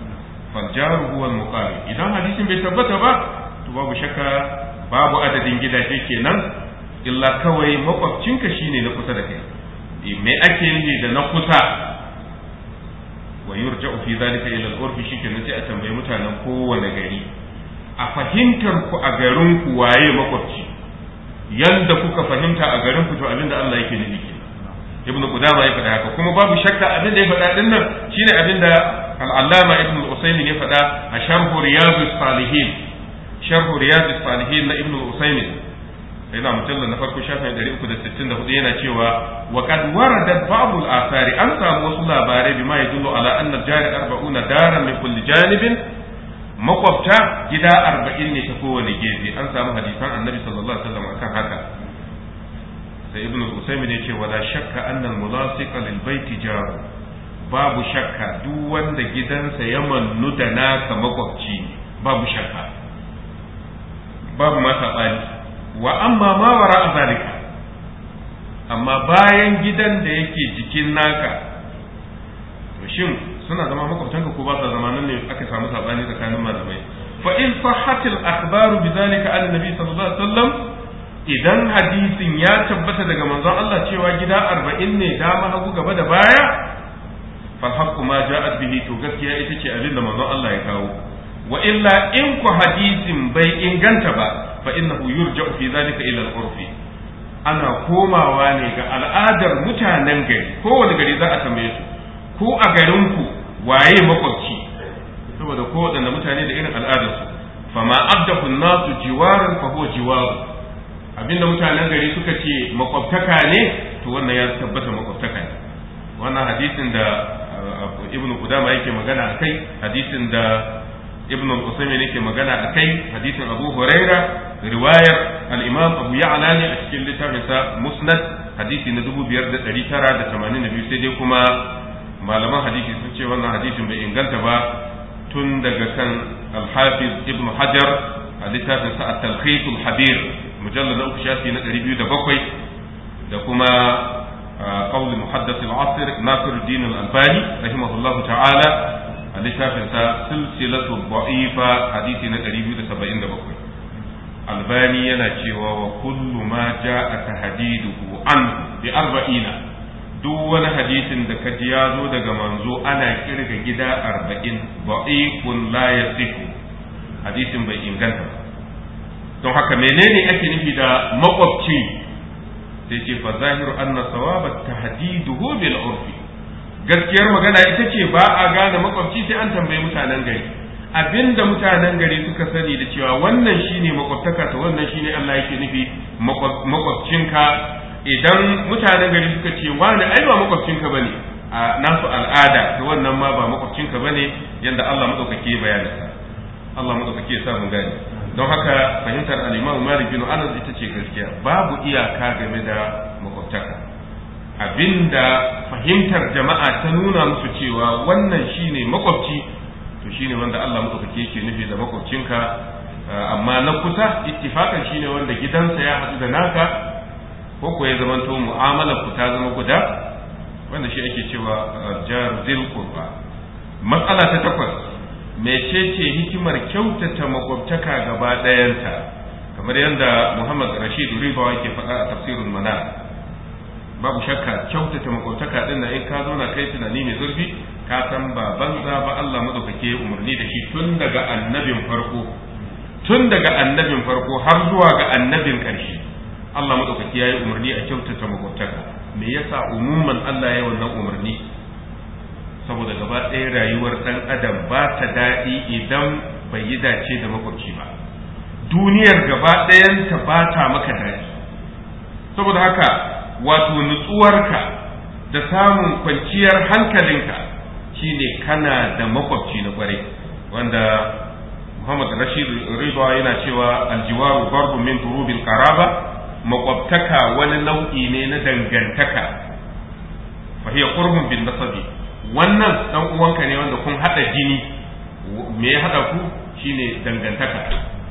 [SPEAKER 2] fal jaru huwa al idan hadisin bai tabbata ba to babu shakka babu adadin gidaje kenan illa kawai makwabcinka shine na kusa da kai eh, me ake yi da na kusa wa yurja'u fi zalika ila al-urfi shikenan sai a tambayi mutanen kowane gari a fahimtar ku a garin ku waye makwabci yanda kuka fahimta a garin ku to abinda Allah yake nufi ibnu qudama ya faɗa haka kuma babu shakka abin da ya faɗa din nan shine abin da al-allama ibnu usaymin ya faɗa a sharhu riyadus salihin sharhu riyadus salihin na ibnu usaymin yana mujallar na farko shafin 364 yana cewa wa qad warada ba'd al-athari an samu wasu labarai bima yadullu ala anna jari 40 daran min kulli janibin makwabta gida 40 ne ta kowane gefe an samu hadisan annabi sallallahu alaihi wasallam akan haka Da ibn al-usaymin yace wala shakka anna al-mulasiqa lil bayti jar babu shakka duk wanda gidansa ya mannu da naka makwabci babu shakka babu ma sabani wa amma ma wara zalika amma bayan gidan da yake jikin naka to shin suna zama ka ko ba sa zama nan ne aka samu sabani tsakanin malamai fa in sahhatil akhbaru bidhalika an nabi sallallahu alaihi wasallam idan hadisin ya tabbata daga manzon Allah cewa gida arba'in ne dama hagu gaba da baya fal ma ja'at bihi to gaskiya ita ce abin da manzon Allah ya kawo wa illa in ku hadisin bai inganta ba fa innahu yurja'u fi zalika ila al-urfi ana komawa ne ga al'adar mutanen gari kowane gari za a tambaye su ko a garin ku waye makwabci saboda kowaɗanne mutane da irin al'adarsu fama abdahu nasu jiwaran fa huwa jiwaru abinda mutanen gari suka ce makwabtaka ne to wannan ya tabbata makwabtaka ne wannan hadisin da uh, ibn qudama yake magana a kai, hadisin da ibn al yake magana a kai, hadisin abu huraira riwayar al-imam abu ya'la ne a cikin littafin sa musnad hadisi na 2982 sai dai kuma malaman hadisi sun ce wannan hadisin bai inganta ba tun daga kan al-hafiz ibn hajar a littafin sa at-talqit al-habir mujallal na uku shafi na ɗari biyu da bakwai da kuma قول محدث العصر ناصر الدين الألباني رحمه الله تعالى littafin sa silsilatu da'ifa hadisi na 277 albani yana cewa wa kullu ma ja'a tahdiduhu duk wani hadisin da ka ji ya zo daga manzo ana kirga gida arba'in da'ifun la yasihu hadisin bai inganta ba don haka menene ake nufi da makwabci sai ce fa zahiru anna sawaba tahdiduhu bil urfi gaskiyar magana ita ce ba a gane makwabci sai an tambayi mutanen gari abinda mutanen gari suka sani da cewa wannan shine makwabtaka ta wannan shine Allah yake nufi makwabcinka idan mutanen gari suka ce wani ai ba makwabcinka bane a nasu al'ada To wannan ma ba makwabcinka bane yanda Allah madaukake bayyana Allah madaukake ya sa mu gane don haka fahimtar alimam Malik bin Anas ita ce gaskiya babu iyaka game da makwabtaka abinda fahimtar jama'a ta nuna musu cewa wannan shine makwabci to shine wanda Allah madaukake yake nufi da makwabcinka amma na kusa ittifakan shine wanda gidansa ya haɗu da naka ko ko ya zamanto mu'amalar ku ta zama guda wanda shi ake cewa jar zil qurba matsala ta takwas ce hikimar kyautata makwabtaka gaba ɗayanta kamar yadda muhammad rashid ribawa yake faɗa a tafsirin mana babu shakka kyautata makwabtaka ɗin na in ka zo na kai tunani mai zurfi ka san ba banza ba Allah madaukake umarni da shi tun daga annabin farko tun daga annabin farko har zuwa ga annabin ƙarshe Allah madaukake yi umarni a kyautata makwabtaka me yasa umuman Allah ya yi wannan umarni saboda gaba ɗaya rayuwar ɗan adam ba ta daɗi idan bai yi dace da makwabci ba duniyar gaba ɗayanta ba ta maka daɗi saboda haka wato nutsuwarka da samun kwanciyar hankalinka shine kana da makwabci na ƙware wanda muhammad rashid riba yana cewa aljiwaru barbu min turubin karaba makwabtaka wani nau'i ne na dangantaka fahiyar kurmin bin nasabi wannan dan uwanka ne wanda kun hada jini me ya hada ku shine dangantaka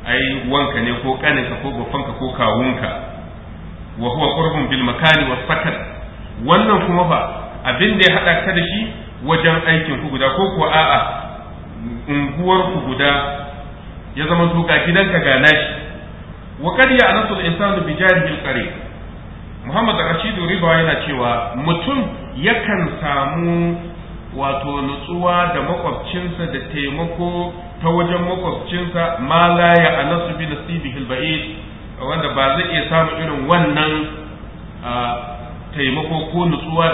[SPEAKER 2] ai uwanka ne ko kaninka ko bafanka ko kawunka wa huwa qurbun bil makani was sakan wannan kuma fa abin da ya hada ka da shi wajen aikin ku guda ko kuwa a'a unguwar ku guda ya zama tuka gidanka ga nashi wa kad ya al-insanu bi jarihi al Muhammad rashidu Riba yana cewa mutum yakan samu wato nutsuwa da makwabcinsa da taimako ta wajen makwabcinsa ma la ya anasu bi nasibihil ba'id wanda ba zai iya samu irin wannan taimako ko nutsuwa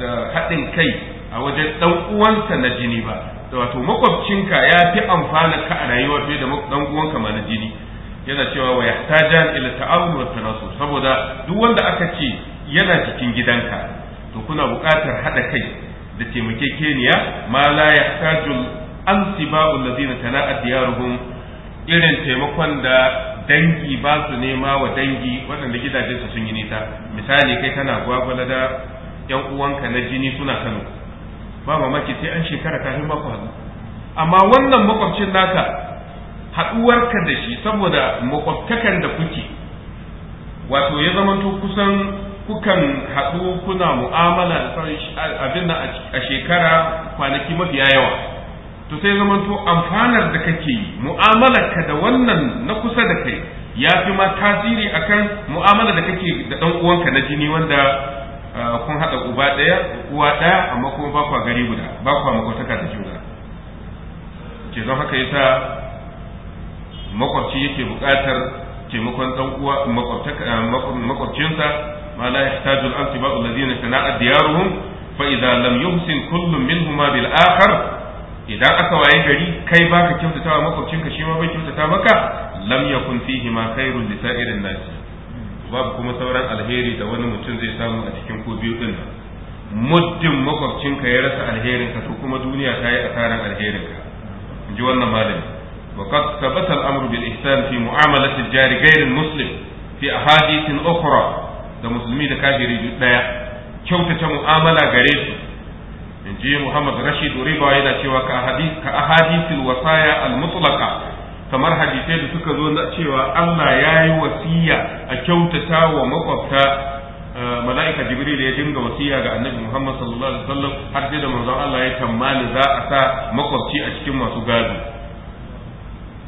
[SPEAKER 2] da haɗin kai a wajen ɗan uwansa na jini ba wato makwabcinka ya fi amfana ka a rayuwa fiye da ɗan uwanka ma na jini yana cewa wa yahtajan ila ta'awun wa tanasu saboda duk wanda aka ce yana cikin gidanka to kuna buƙatar haɗa kai da keniya ma la babu amsiba allazina tana'at diyaruhum irin taimakon da dangi ba su nema wa dangi waɗanda su sun yi nisa misali kai kana gwagwala da yan uwanka na jini suna kano ba mamaki sai an shekara kafin ba haɗu amma wannan makwabcin naka haɗuwarka da shi saboda makwabtakan da kuke wato ya zama to kusan kukan haɗu kuna mu'amala da sauran abin nan a shekara kwanaki mafiya yawa to sai zaman to amfanar da kake yi mu'amalar ka da wannan na kusa da kai ya fi ma tasiri akan mu'amala da kake da ɗan uwanka na jini wanda kun haɗa uba ɗaya uwa ɗaya amma kuma ba kwa gari guda ba kwa makwataka da juna ke don haka yasa makwabci yake buƙatar taimakon ɗan uwa makwabcinsa ma la yahtaju al-antiba alladhina sana'a diyaruhum fa idza lam yuhsin kullu minhuma bil akhar idan aka waye gari kai baka kyautatawa makwabcinka shi ma bai kyautata baka lamya yakun fihi ma khairul irin sa'irin nas babu kuma sauran alheri da wani mutum zai samu a cikin ko biyu din muddin makwabcinka ya rasa alherin ka to kuma duniya ta yi asaran alherin ka in ji wannan malami wa qad thabata al-amru bil ihsan fi mu'amalati al-jari ghayr al-muslim fi ahadith ukhra da musulmi da kafiri duk daya kyautata mu'amala gare su in ji muhammad rashid riba yana cewa ka ahadithul wasaya al mutlaqa kamar hadisai da suka zo na cewa Allah ya yi wasiya a kyautata wa makwabta eh, mala'ika jibril ya dinga wasiya ga annabi muhammad sallallahu alaihi wasallam har sai da manzon Allah ya tammali za a sa makwabci a cikin masu gado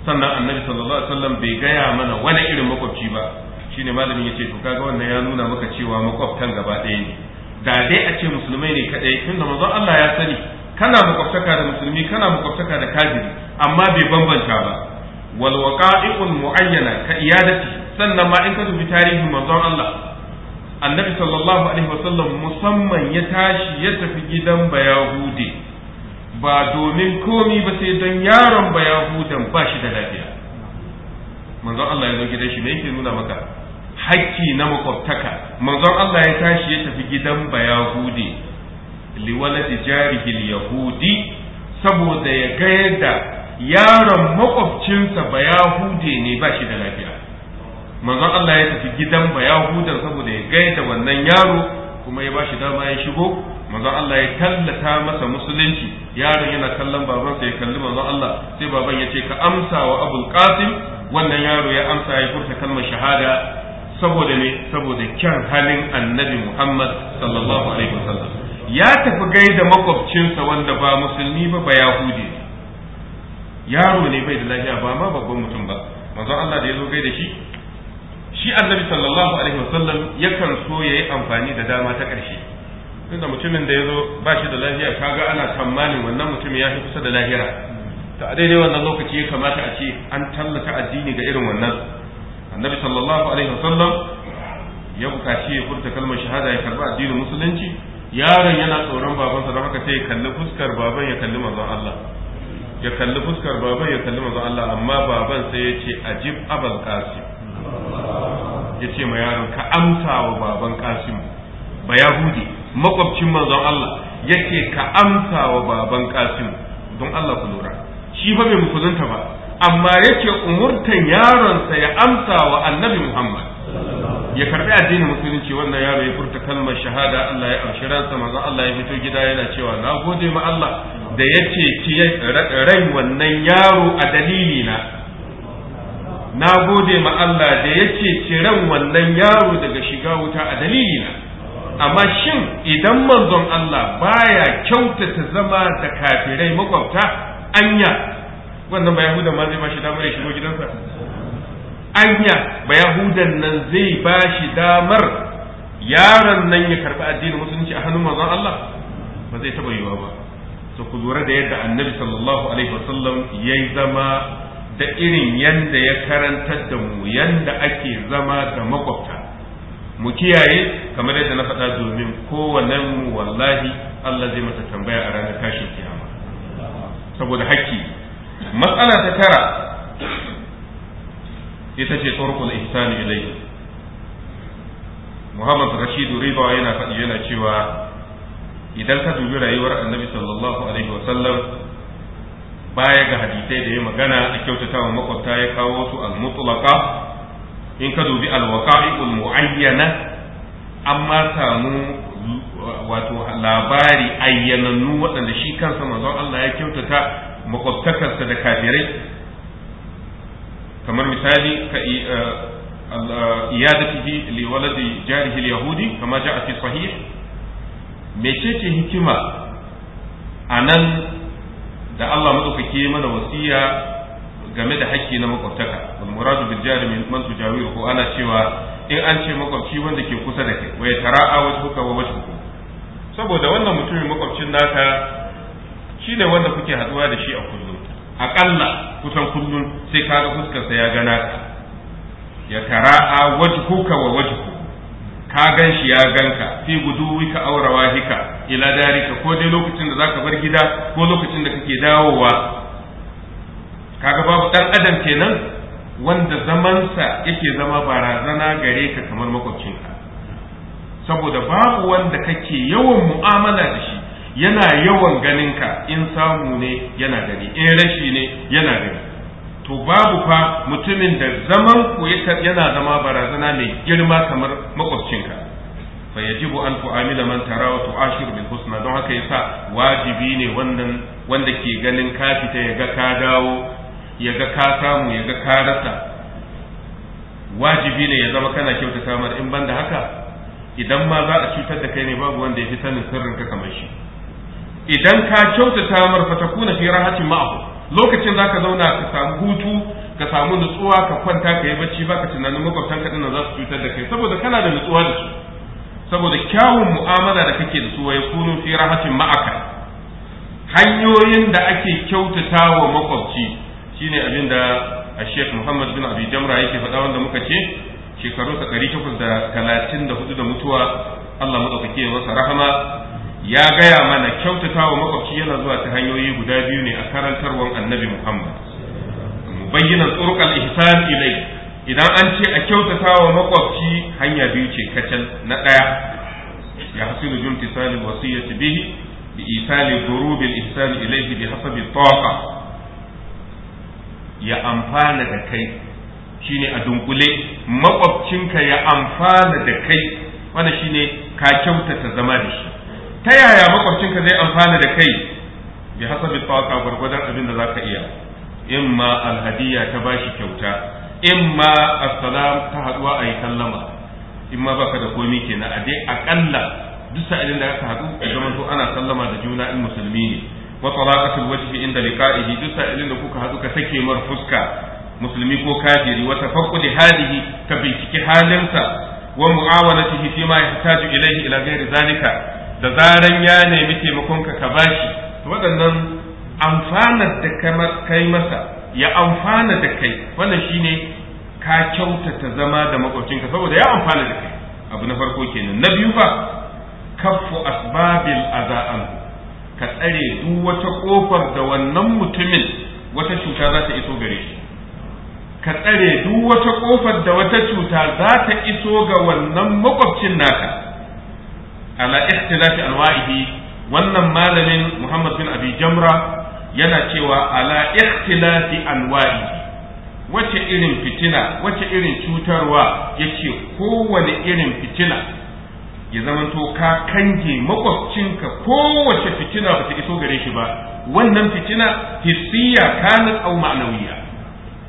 [SPEAKER 2] sannan annabi sallallahu alaihi wasallam bai gaya mana wani irin makwabci ba shine malamin ce to kaga wannan ya nuna maka cewa makwabtan gaba ɗaya ne da dai a ce musulmai ne kadai tunda manzon Allah ya sani kana makwabtaka da musulmi kana makwabtaka da kafiri amma bai bambanta ba wal waqa'iqul mu'ayyana ka iyadati sannan ma in ka dubi tarihin manzon Allah annabi sallallahu alaihi wasallam musamman ya tashi ya tafi gidan bayahude ba domin komi ba sai don yaron bayahudan ba shi da lafiya manzon Allah ya zo gidan shi me yake nuna maka hakki na makwabtaka manzon Allah ya tashi ya tafi gidan bayahudi jari jarihil yahudi saboda ya ga yadda yaron makwabcinsa bayahudi ne ba shi da lafiya manzon Allah ya tafi gidan bayahudan saboda ya ga yadda wannan yaro kuma ya ba shi dama ya shigo manzon Allah ya tallata masa musulunci yaron yana kallon babansa ya kalli manzon Allah sai baban ya ce ka amsa wa abul qasim wannan yaro ya amsa ya furta kalmar shahada saboda ne saboda kyan halin annabi Muhammad sallallahu alaihi wasallam ya tafi gaida makwabcinsa wanda ba musulmi ba ba yahudi yaro ne bai da lafiya ba ma babban mutum ba manzon Allah da ya zo gaida shi shi annabi sallallahu alaihi wasallam yakan so yayi amfani da dama ta ƙarshe tunda mutumin da ya zo ba shi da lafiya kaga ana tsammanin wannan mutumin ya fi kusa da lahira ta daidai wannan lokaci ya kamata a ce an tallata addini ga irin wannan annabi sallallahu alaihi wasallam ya bukaci ya furta kalmar shahada ya karba addinin musulunci yaron yana tsoron babansa don haka sai ya kalli fuskar baban ya kalli manzon Allah ya kalli fuskar baban ya kalli manzon Allah amma baban sai ya ce ajib abal qasim ya ce ma yaron ka amsa wa baban qasim ba yahudi makwabcin manzon Allah ya ce ka amsa wa baban qasim don Allah ku lura shi fa bai musulunta ba amma yake umurtan yaronsa ya amsa wa annabi Muhammad ya karbi addinin musulunci wannan yaro ya furta kalmar shahada Allah ya amshi ransa manzo Allah ya fito gida yana cewa na gode ma Allah da ya ceci rai wannan yaro a dalili na na gode ma Allah da ya ceci ran wannan yaro daga shiga wuta a dalili na amma shin idan manzon Allah baya kyautata zama da kafirai makwabta anya wannan ba yahuda ma zai bashi damar ya shigo gidansa anya Bayahudan nan zai bashi damar yaron nan ya karɓi addinin musulunci a hannun manzon Allah ba zai taɓa yiwa ba to ku lura da yadda annabi sallallahu alaihi wasallam ya zama da irin yadda ya karantar da mu yanda ake zama da makwabta mu kiyaye kamar yadda na faɗa domin kowanne mu wallahi Allah zai mata tambaya a ranar tashin kiyama saboda hakki matsala ta tara ita ce turkul ihsani ilayhi Muhammad Rashid Riba yana faɗi yana cewa idan ka dubi rayuwar Annabi sallallahu alaihi wa sallam baya ga hadisai da ya magana a kyautatawa makwabta ya kawo su al-mutlaqa in ka dubi al-waqa'i'ul mu'ayyana amma samu labari ayyanannu waɗanda shi kansa manzon Allah ya kyautata makwabtakarsa da kafirai kamar misali ka eh, eh, iyadatihi liwaladi jarihi yahudi kama ja'a fi sahih mecece hikima a nan da Allah madaukake mana wasiya game da hakki na makwabtaka wal muradu bil jari min man tujawiru ko ana cewa in an ce makwabci wanda ke kusa da kai wa tara'a wajhuka wa wajhuku saboda wannan mutumin makwabcin naka shine wanda kuke haduwa da shi a kullum akalla kusan kullum sai kaga fuskarsa ya gana ka ya tara'a wajhuka wa wajhu ka gan shi ya ganka fi guduwika aw rawahika ila darika ko dai lokacin da zaka bar gida ko lokacin da kake dawowa kaga babu dan adam kenan wanda zamansa yake zama barazana gare ka kamar makwabcinka saboda babu wanda kake yawan mu'amala da shi yana yawan ganin ka in samu ne yana gani in rashi ne yana gani to babu fa mutumin da zaman ku yana zama barazana mai girma kamar makwabcinka fa yajibu an tu'amila man tara wa tu'ashir bil husna don haka yasa wajibi ne wannan wanda ke ganin ka fita ya ga ka dawo ya ga ka samu ya ga ka rasa wajibi ne ya zama kana kyauta samar in banda haka idan ma za a cutar da kai ne babu wanda ya fi sanin sirrinka kamar shi idan ka kyautata mar fatakuna fi rahatin ma'ahu lokacin zaka zauna ka samu hutu ka samu nutsuwa ka kwanta ka yi bacci baka tunanin makwabtan ka dinnan za su cutar da kai saboda kana da nutsuwa da su saboda kyawun mu'amala da kake da su wa yakunu fi rahatin ma'aka hanyoyin da ake kyautata wa makwabci shine abin da Sheikh Muhammad bin Abi Jamra yake faɗa wanda muka ce shekaru 834 da da mutuwa Allah madaukake masa rahama ya gaya mana kyautata wa makwabci yana zuwa ta hanyoyi guda biyu ne a karantarwar annabi muhammad mu bayyana tsurkal ihsan ilai idan an ce a kyautata wa makwabci hanya biyu ce kacal na ɗaya ya hasilu jun tisali wasiyyati bihi bi isali durubil ihsan ilaihi bi hasabi taqa ya amfana da kai shine a dunkule makwabcinka ya amfana da kai wannan shine ka kyautata zama da shi ta yaya makwabcinka zai amfana da kai bi hasabi tsaka gurgurdan abin da ka iya In ma alhadiya ta bashi kyauta In ma assalam ta haduwa ayi kallama ma baka da komi kenan a dai akalla duk sa'ilin da aka haɗu ya zama ana sallama da juna in musulmi ne wa talaqatul wajhi inda liqa'ihi duk sa'ilin da kuka haɗu ka sake mar fuska musulmi ko kafiri wa tafaqqudi halihi ka binciki halinsa wa mu'awanatihi fi ma yahtaju ilayhi ila ghairi zalika da zaran ya nemi taimakonka ka bashi waɗannan amfanar da kai masa ya amfana da kai wannan shine ka kyautata zama da maƙwabcinka saboda ya amfana da kai abu na farko kenan na biyu fa kaffu asbabil aza'an ka tsare duk wata kofar da wannan mutumin wata cuta za ta iso gare shi ka tsare duk wata kofar da wata cuta za ta iso ga wannan makwabcin naka ala ikhtilafi alwa'i, wannan malamin Muhammad bin Abi Jamra yana cewa ala ikhtilafi alwa'i, wace irin fitina wace irin cutarwa yake kowane irin fitina ya zamanto ka kange makwabcinka kowace fitina ba ta iso gare shi ba wannan fitina hissiya kanat au ma'anawiya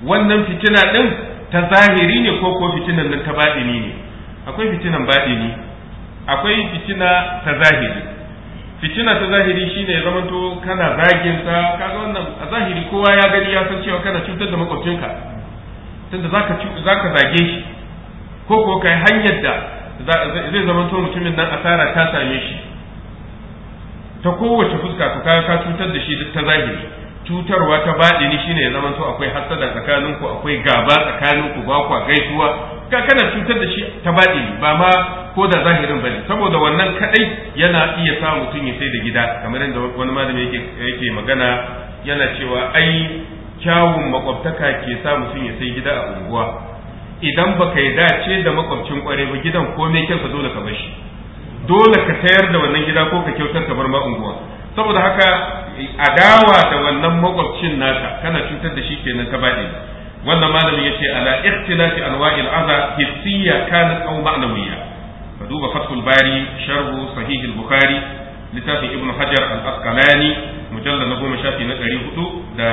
[SPEAKER 2] wannan fitina din ta zahiri ne ko ko fitinan nan ta baɗini ne akwai fitinan baɗini akwai fitina ta zahiri fitina ta zahiri shine ya zamanto kana zagin sa kaga wannan a zahiri kowa ya gani ya san cewa kana cutar da makwabcinka tunda zaka zaka zage shi ko ko kai hanyar da zai zamanto mutumin nan asara ta same shi ta kowace fuska to ka cutar da shi ta zahiri cutarwa ta baɗini shine ya zamanto akwai hasada tsakaninku akwai gaba tsakaninku ba kwa gaisuwa ka kana cutar da shi ta baɗi ba ma ko da zahirin bane saboda wannan kadai yana iya sa mutum ya sai da gida kamar yadda wani malami yake magana yana cewa ai kyawun makwabtaka ke sa mutum ya sai gida a unguwa idan baka yi dace da makwabcin kware ba gidan komai kyansa dole ka bar shi dole ka tayar da wannan gida ko ka kyautar ka bar ma unguwa saboda haka adawa da wannan makwabcin naka kana cutar da shi kenan ta baɗi wannan malamin yace ala ikhtilafi anwa'il adha hissiyya kanat aw ma'nawiyya ka duba fathul bari sharhu sahih al-bukhari littafin ibn hajar al-asqalani mujallal na goma shafi na ɗari hudu da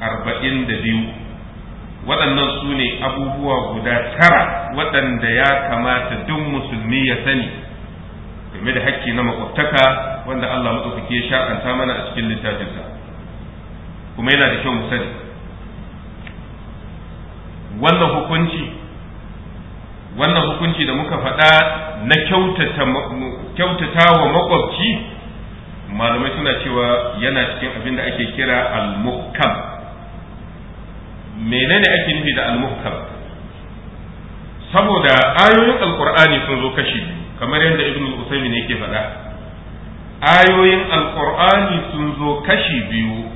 [SPEAKER 2] arba'in da biyu waɗannan su ne abubuwa guda tara waɗanda ya kamata duk musulmi ya sani game da hakki na makwabtaka wanda Allah maɗaukaki ya sha'anta mana a cikin littafinsa kuma yana da kyau mu sani wannan hukunci wannan hukunci da muka faɗa na kyautata wa makwabci malamai suna cewa yana cikin abin da ake kira al menene ake nufi da al saboda ayoyin alkur'ani sun zo kashi kamar yadda ibn al ne yake faɗa ayoyin alkur'ani sun zo kashi biyu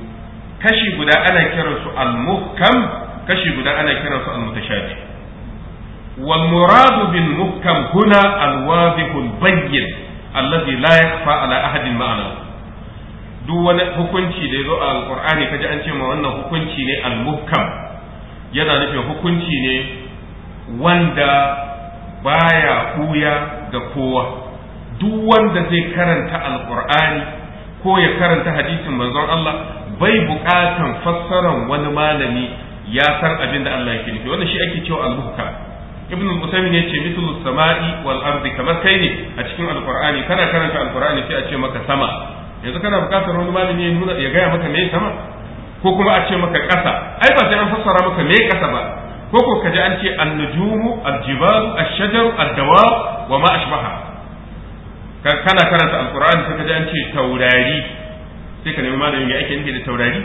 [SPEAKER 2] kashi guda ana kiransu al-mukkam kashi guda ana kiran su al-mutashabi wal muradu bil muhkam huna al-wadih al-bayyin ahadin ma'ana duk wani hukunci da yazo a alqur'ani kaji an ce ma wannan hukunci ne al-muhkam yana nufin hukunci ne wanda baya kuya ga kowa duk wanda zai karanta alqur'ani ko ya karanta hadisin manzon Allah bai bukatan fassaran wani malami ya san abin da Allah yake nufi wannan shi ake cewa al muhka ibn al-musaymin yace mithlu samai wal ardi kamar kai ne a cikin al-qur'ani kana karanta al-qur'ani sai a ce maka sama yanzu kana bukatar wani malami ya nuna ya gaya maka me sama ko kuma a ce maka ƙasa ai ba sai an fassara maka me ƙasa ba ko ko kaji an ce an-nujumu al-jibalu ash-shajaru ad-dawab wa ma ashbaha kana karanta al-qur'ani sai kaji an ce taurari sai ka nemi malamin ya ake nufi da taurari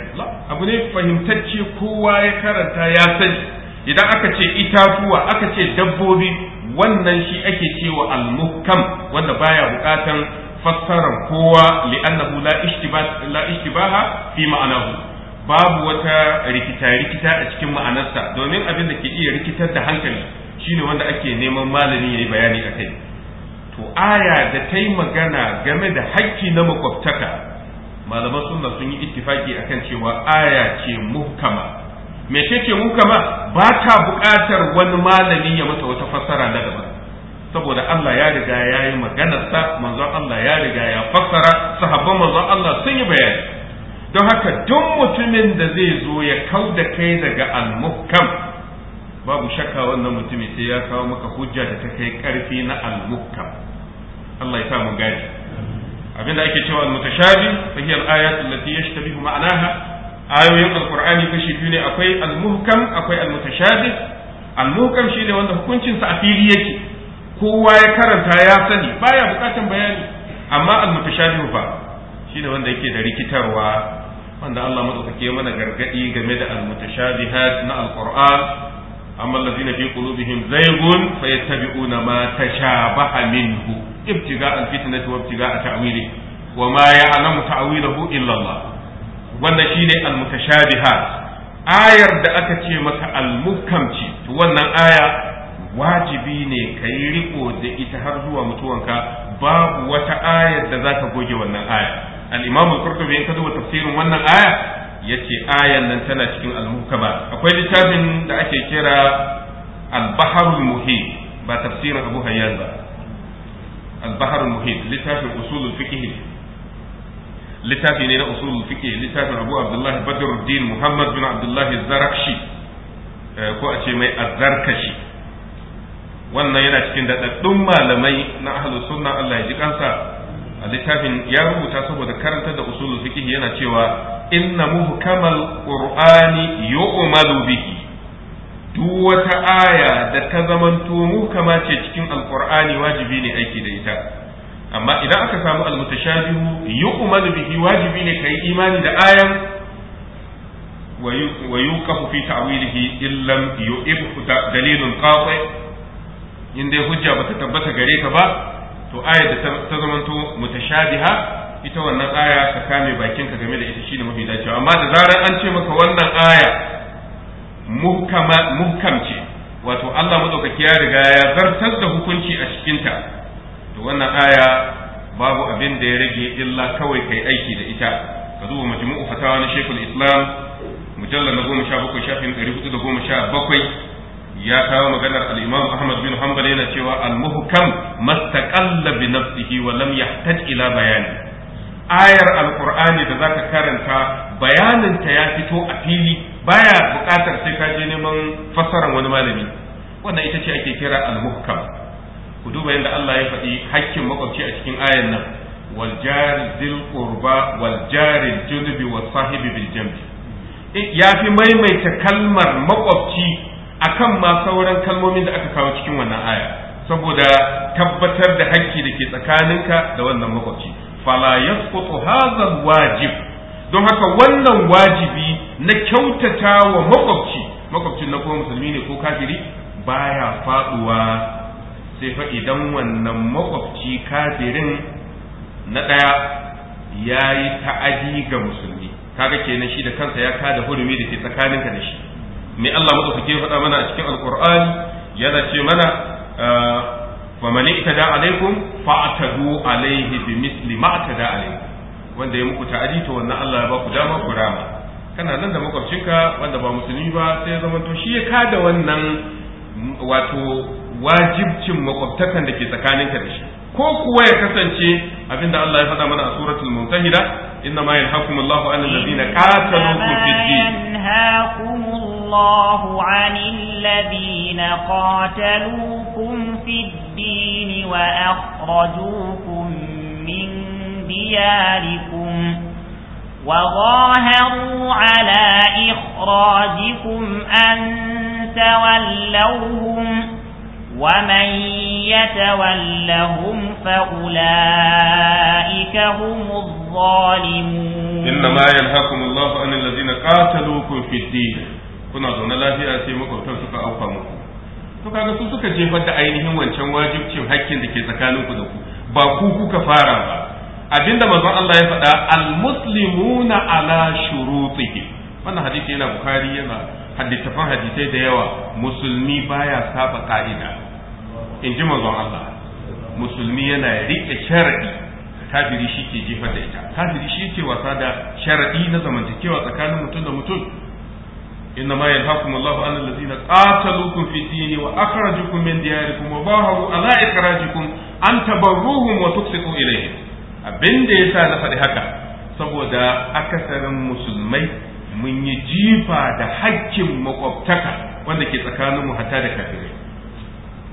[SPEAKER 2] abu ne fahimtacce kowa ya karanta ya sani idan aka ce itatuwa aka ce dabbobi wannan shi ake cewa al-muhkam wanda baya bukatan fassarar kowa li'annahu la ishtibaha la ishtibaha fi ma'anahu babu wata rikita rikita a cikin ma'anarsa domin abin da ke iya rikitar da hankali shine wanda ake neman malami yi bayani a kai. to aya da ta yi magana game da hakki na makwabtaka malaman sunna sun yi ittifaki akan cewa aya ce muhkama me ce muhkama ba ta buƙatar wani malami ya mata wata fassara na daban saboda Allah ya riga ya yi maganarsa manzon Allah ya riga ya fassara sahabban manzon Allah sun yi bayani don haka duk mutumin da zai zo ya kau da kai daga al-muhkam babu shakka wannan mutumin sai ya kawo maka hujja da ta kai karfi na al-muhkam Allah ya sa mu gani Abin da ake cewa al-mutashabi fa ya al-ayat allati yashtabihu ma'naha ayoyin alqur'ani kashi biyu ne akwai al akwai al-mutashabi al-muhkam shine wanda hukuncin sa a fili yake kowa ya karanta ya sani baya bukatan bayani amma al-mutashabi fa shine wanda yake da rikitarwa wanda Allah madaukake mana gargadi game da al-mutashabihat na al amma allazina fi qulubihim zaygun fayattabi'una ma tashabaha minhu ibtiga alfitnati wa ibtiga ta'wili wa ma ya'lamu ta'wilahu illa Allah wannan shine almutashabihat ayar da aka ce maka almukamci to wannan aya wajibi ne ka yi riko da ita har zuwa mutuwanka babu wata ayar da za ta goge wannan aya al-imam al-qurtubi in ka duba tafsirin wannan aya yace ayan nan tana cikin al-mukaba akwai littafin da ake kira al-baharul muhit ba tafsirin abu hayyan ba al-baharul muhit littafin usulul fiqh littafi ne na usulul fiqh littafin abu abdullahi badruddin muhammad bin abdullahi zarakshi eh, ko a ce mai azzarkashi wannan yana cikin daɗaɗɗun malamai na ahlus sunna Allah ya ji kansa a littafin ya rubuta saboda karanta da usulul fiqh yana cewa inna muhkamal qur'ani yu'malu bihi duk wata aya da ta zamanto muhkama ce cikin alqur'ani wajibi ne aiki da ita amma idan aka samu almutashabihu yu'malu bihi wajibi ne kai imani da ayan wa yuqafu fi ta'wilihi illam yu'ibhu dalilun qati in dai hujja bata tabbata gare ka ba to aya da ta zamanto mutashabiha ita wannan aya ka kame bakinka game da ita shine mafi dacewa amma da zarar an ce maka wannan aya muhkam ce wato Allah madaukaki ya riga ya zartar da hukunci a cikin ta
[SPEAKER 3] to wannan aya babu abin da ya rage illa kawai kai aiki da ita ka duba majmu'u fatawa na Sheikhul Islam mujallal na goma shafin
[SPEAKER 2] ɗari ya kawo maganar al-Imam Ahmad bin Hanbal yana cewa al-muhkam mastaqalla bi nafsihi wa lam yahtaj ila bayani ayar alkur'ani da zaka karanta bayaninta ya fito a fili baya buƙatar sai ka je neman fassara wani malami wannan ita ce ake kira al-muhkam ku duba yadda Allah ya faɗi hakkin makwabci a cikin ayar nan wal jari dil qurba wal jari junubi wa sahibi bil jamb eh, ya fi maimaita kalmar makwabci akan ma sauran kalmomin da aka kawo cikin wannan aya saboda tabbatar da hakki da ke tsakaninka da wannan makwabci fala yasqutu hadha wajib don haka wannan wajibi na kyautata wa makwabci makwabcin na kuma musulmi ne ko kafiri baya faduwa sai fa idan wannan makwabci kafirin na ɗaya ya yi ta'adi ga musulmi kaga kenan shi da kansa ya kada hurumi da ke tsakaninka da shi me Allah mutsuke faɗa mana a cikin alqur'ani yana ce mana ah, wa man ihtada alaikum fa'tadu alaihi bimithli ta ihtada wanda ya muku ta'adi to wannan Allah ya ba ku dama ku rama kana nan da makwabcinka wanda ba musulmi ba sai ya zama to shi ya kada wannan wato wajibcin makwabtakan da ke tsakaninka da shi ko kuwa ya kasance abinda Allah ya faɗa mana a suratul mutahida inna ma yanhaqumullahu 'anil ladina qataluukum fid din
[SPEAKER 1] الله عن الذين قاتلوكم في الدين وأخرجوكم من دياركم وظاهروا على إخراجكم أن تولوهم ومن يتولهم فأولئك هم الظالمون إنما
[SPEAKER 2] ينهاكم الله عن الذين قاتلوكم في الدين kuna zaune lafiya sai makwabtan suka auka muku to kaga su suka jefar da ainihin wancan wajibcin hakkin da ke tsakanin ku da ku ba ku kuka fara ba abinda manzo Allah ya faɗa almuslimuna ala shurutihi wannan hadisi yana bukhari yana haditafan hadisai da yawa musulmi baya saba ka'ida in ji manzon Allah musulmi yana riƙe sharadi kafiri shi ke jefa da ita kafiri shi ke wasa da sharadi na zamantakewa tsakanin mutum da mutum إنما ينهاكم الله عن الذين قاتلوكم في ديني وأخرجكم من دياركم وظاهروا على إخراجكم أن تبروهم وتقسطوا إليهم abin da ya sa na faɗi haka saboda akasarin musulmai mun yi jifa da hakkin makwabtaka wanda ke tsakanin mu hatta da kafirai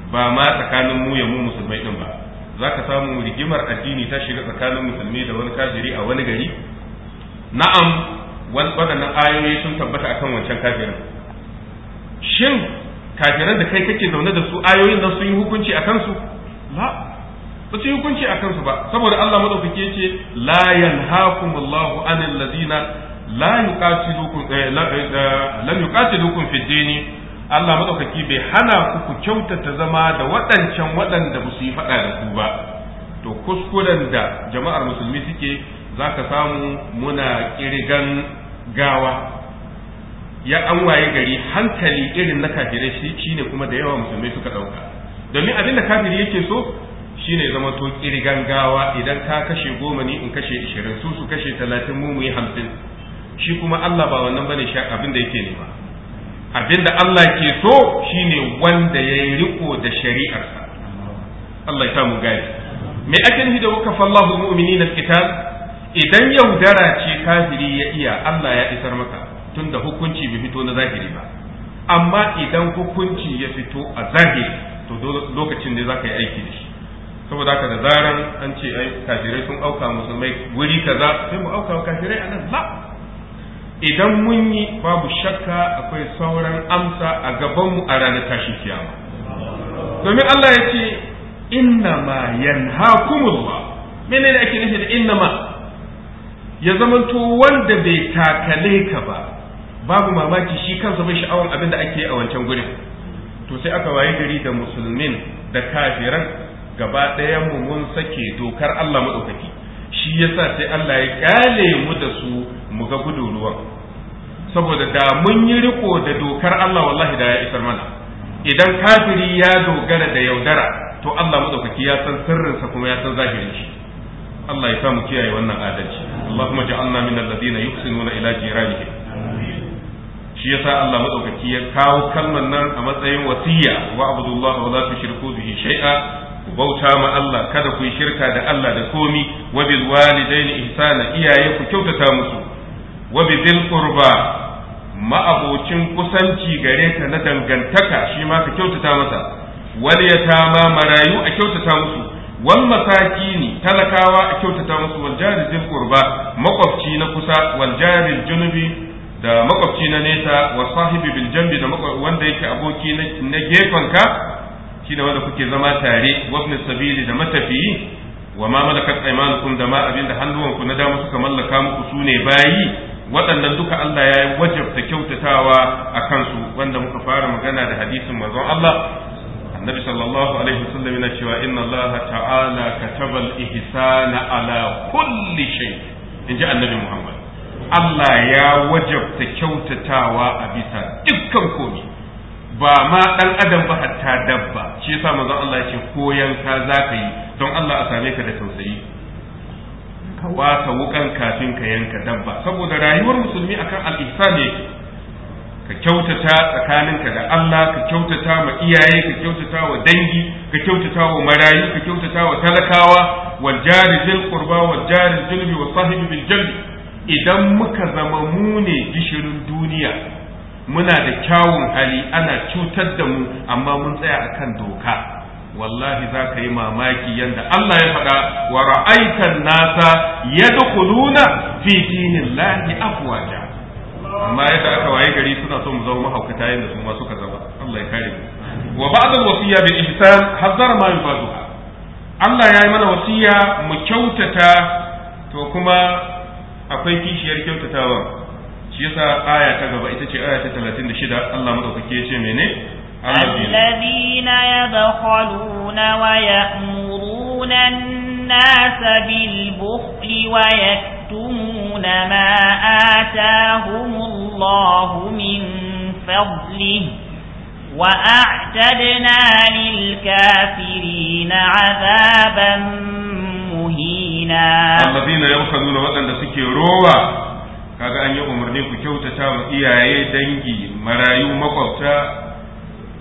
[SPEAKER 2] ba ma tsakanin mu ya mu musulmai din ba za ka samu rigimar addini ta shiga tsakanin musulmi da wani kafiri a wani gari na'am waɗannan ayoyi sun tabbata a kan wancan kafirin shin kafiran da kai kake zaune da su ayoyin nan sun yi hukunci a kansu ba ba su yi hukunci a kansu ba saboda Allah madaukake yace la Allahu anil ladina la yuqatilukum eh, eh, eh, la yuqatilukum fi dini Allah madaukake bai hana ku ku kyautata zama da waɗancan waɗanda ba su yi faɗa da ku ba to kuskuren da jama'ar musulmi suke zaka samu muna kirgan gawa ya an gari hankali irin na kafirai shi shine kuma da yawa musulmai suka ɗauka domin abin da kafiri yake so shine ne zama to kirgan gawa idan ka kashe goma ne in kashe ishirin su su kashe talatin mu mu yi hamsin shi kuma Allah ba wannan bane sha abin da yake nema abin da Allah ke so shine wanda ya yi riko da shari'arsa Allah ya samu gari me ake nufi da wakafa Allahu mu'minina al-qital idan yau dara ce kafiri ya iya Allah ya isar maka tun da hukunci bai fito na zahiri ba amma idan hukunci ya fito a zahiri to lokacin da za ka yi aiki da shi saboda haka da zaran an ce ai kafirai sun auka musulmai wuri kaza sai mu auka kafirai anan la idan mun yi babu shakka akwai sauran amsa a gabanmu a ranar tashin kiyama domin Allah ya ce inna ma yanhakumullah menene ake nufi da inna ma ya zamanto wanda bai takale ka ba babu mamaki shi kansa bai sha'awar abin da ake a wancan gurin to sai aka waye gari da musulmin da kafiran gaba ɗayan mu mun sake dokar Allah maɗaukaki shi yasa sai Allah ya kyale mu da su mu ga gudu ruwan saboda da mun yi riko da dokar Allah wallahi da ya isar mana idan kafiri ya dogara da yaudara to Allah maɗaukaki ya san sirrinsa kuma ya san zahirin shi Allah ya sa mu kiyaye wannan adalci Allahumma ja'alna min alladhina yuhsinuna ila jiranihim shi yasa Allah madaukaki ya kawo kalmar nan a matsayin wasiya wa abudullah wa la tushriku bihi shay'a ku bauta ma Allah kada ku yi shirka da Allah da komi wa bil walidaini ihsana iyaye ku kyautata musu wa bil qurba ma'abocin kusanci gare ka na dangantaka shi ma ka kyautata masa wal yatama marayu a kyautata musu wal ne talakawa a kyautata musu waljari jari qurba makwabci na kusa wal junubi da makwabci na nesa wa sahibi bil jambi da wanda yake aboki na gefanka shi da wanda kuke zama tare wabni sabili da matafiyi wa ma malakat aymanukum da ma abinda hannuwanku na dama suka mallaka muku sune bayi waɗannan duka Allah ya wajabta kyautatawa a kansu wanda muka fara magana da hadisin manzon Allah annabi sallallahu alaihi wasallam yana cewa inna allaha ta'ala katabal ihsana ala kulli shay inji annabi muhammad Allah ya wajabta kyautatawa a bisa dukkan komi ba ma dan adam ba hatta dabba shi yasa manzon Allah ya ce koyan ka zaka yi don Allah a same ka da tausayi ka wasa wukan kafin ka yanka dabba saboda rayuwar musulmi akan al-ihsan yake ka kyautata tsakaninka da Allah ka kyautata ma iyaye ka kyautata wa dangi ka kyautata wa marayu ka kyautata wa talakawa wal jari zil qurba wal jari wa sahibi bil jalbi idan muka zama mu ne gishirin duniya muna da kyawun hali ana cutar da mu amma mun tsaya akan doka wallahi za ka yi mamaki yadda Allah ya faɗa wa ra'aitan nasa yadkhuluna fi dinillahi afwaja amma yadda aka waye gari suna so mu zama mahaukata yadda su ma suka zama Allah ya kare mu wa ba'd al-wasiyya bil ihsan hazzara ma yufaduha Allah ya yi mana wasiyya mu kyautata to kuma akwai kishiyar kyautatawa shi yasa aya ta gaba ita ce aya ta 36 Allah madaukake ya ce mene الذين
[SPEAKER 1] يبخلون ويأمرون الناس بالبخل ويكفرون يكتمون ما آتاهم الله من فضله وأعتدنا للكافرين عذابا مهينا الذين
[SPEAKER 2] يبخلون وأن سكي روى kaga an yi umarni ku kyautata wa iyaye dangi marayu makwabta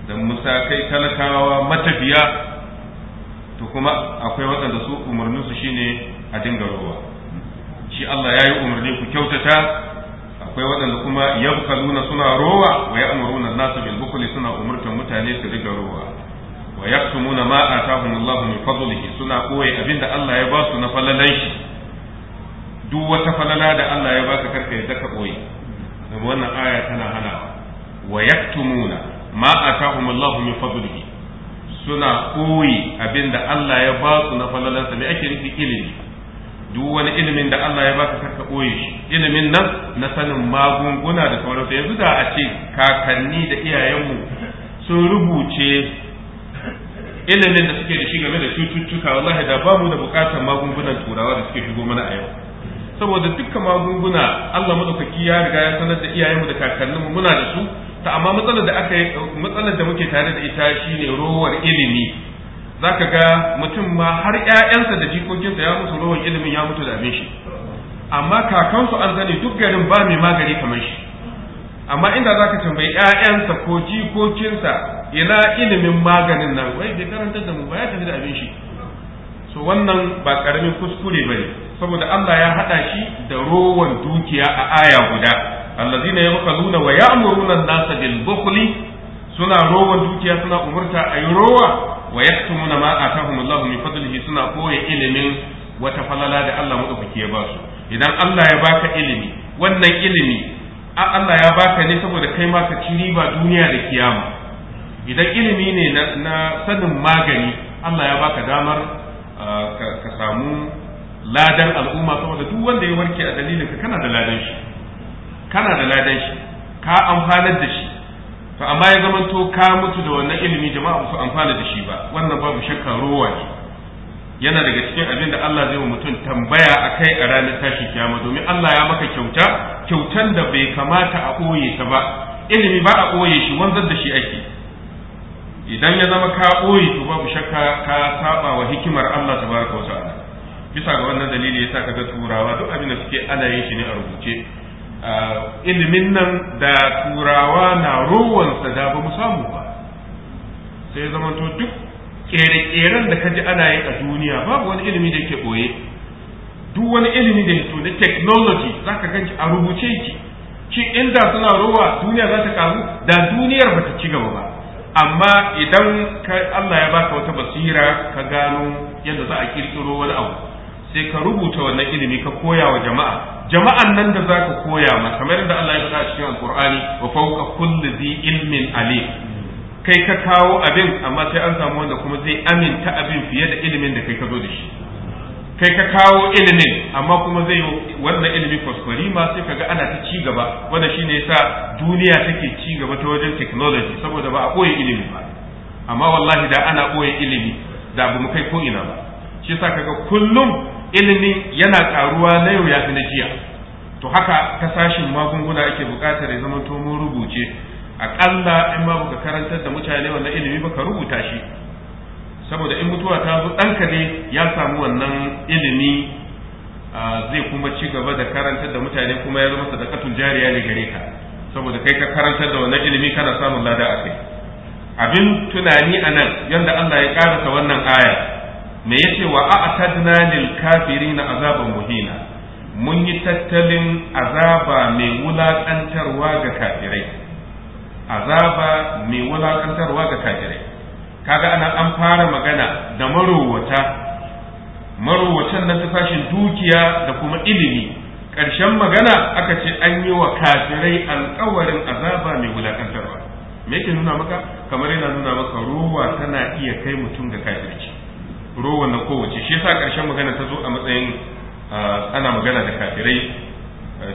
[SPEAKER 2] da musakai talakawa matafiya to kuma akwai waɗanda su umarninsu shine a dinga rowa shi Allah ya yi umarni ku kyautata akwai waɗanda kuma yabkaluna suna rowa wa umaru na nasu bil bukuli suna umurtan mutane su riga rowa wa yaktumuna ma atahumullahu mai fadlihi suna koyi abinda Allah ya ba su na falalan shi duk wata falala da Allah ya baka karka ya daka koyi dan wannan aya tana hana wa yaktumuna ma atahumullahu mai fadlihi suna koyi abinda Allah ya ba su na falalansa me ake nufi ilimi duk wani ilimin da Allah ya baka karka koyi ilimin nan na sanin magunguna da sauransu yanzu da a ce kakanni da iyayenmu sun rubuce ilimin da suke da shi game da cututtuka wallahi da mu da bukatar magungunan turawa da suke shigo mana a yau saboda dukkan magunguna Allah madaukaki ya riga ya sanar da iyayenmu da kakanninmu muna da su ta amma matsalar da aka matsalar da muke tare da ita shine rowar ilimi za ka ga mutum ma har 'ya'yansa da jikokinsa ya mutu rawan ilimin ya mutu da abin shi amma kakansu an sani duk garin ba mai magani kamar shi amma inda za ka tambayi 'ya'yansa ko jikokinsa ina ilimin maganin nan wai bai karanta da mu ba ya tafi da abin shi so wannan ba karamin kuskure bane saboda Allah ya haɗa shi da rowan dukiya a aya guda allazina yabqaluna wa ya'muruna an-nasa bil bukhli suna rowan dukiya suna umurta ayi rowa wa yaktumuna ma atahum Allah min fadlihi suna koya ilimin wata falala da Allah madaukaki ya ba su idan Allah ya baka ilimi wannan ilimi Allah ya baka ne saboda kai ma ka ci riba duniya da kiyama idan ilimi ne na sanin magani Allah ya baka damar ka samu ladan al'umma saboda duk wanda ya warke a dalilin ka kana da ladan shi kana da ladan shi ka amfanar da shi to amma ya zama to ka mutu da wannan ilimi jama'a ba su amfana da shi ba wannan babu shakka ruwa ne yana daga cikin abin da Allah zai wa mutum tambaya a kai a ranar tashi kiyama domin Allah ya maka kyauta kyautan da bai kamata a koye ta ba ilimi ba a koye shi wanzar da shi ake idan ya zama ka koye to babu shakka ka saba wa hikimar Allah tabaraka wa ta'ala bisa ga wannan dalili yasa ga turawa duk abin da suke ana yin shi ne a rubuce Ah, ilimin nan da turawa na rowansa da ba mu samu ba sai zama to duk kere-keren da kaji ana yi a duniya babu wani ilimi da ke boye duk wani ilimi da hito na technology za ka ganci a rubuce ki ki inda suna rowa duniya za ta karu da duniyar ba ta ci gaba ba amma idan Allah ya baka wata basira ka gano yadda za a kirkiro wani abu sai ka rubuta wannan ilimi ka koya wa jama'a jama'an nan da zaka koya ma kamar yadda Allah ya faɗa cikin alqur'ani wa fawqa kulli dhi ilmin alim kai ka kawo abin amma sai an samu wanda kuma zai aminta abin fiye da ilimin da kai ka zo da shi kai ka kawo ilimin amma kuma zai wannan ilimi kwaskwari ma sai kaga ana ta ci gaba wanda shine yasa duniya take ci gaba ta wajen technology saboda ba a koyi ilimi ba amma wallahi da ana koyi ilimi da ba mu kai ko ina ba shi yasa kaga kullum ilimi yana karuwa na yau ya fi na jiya to haka ta sashin magunguna ake bukatar ya zama to mun rubuce akalla in ma baka karantar da mutane wannan ilimi baka rubuta shi saboda in mutuwa ta zo ɗanka ne ya samu wannan ilimi zai kuma ci gaba da karantar da mutane kuma ya zama sadakatun jariya ne gare ka saboda kai ka karantar da wannan ilimi kana samun lada a kai abin tunani a nan yadda Allah ya karasa wannan aya me yace wa a'tadna lil kafirina azaban muhina mun yi tattalin azaba mai wulakantarwa ga kafirai azaba mai wulakantarwa ga kafirai kaga ana an fara magana da marowata marowatan na tafashin dukiya da kuma ilimi ƙarshen magana aka ce an yi wa kafirai alƙawarin azaba mai wulakantarwa me yake nuna maka kamar yana nuna maka ruwa tana iya kai mutum ga kafirci Rowa na kowace shi yasa ƙarshen magana ta zo a matsayin ana magana da kafirai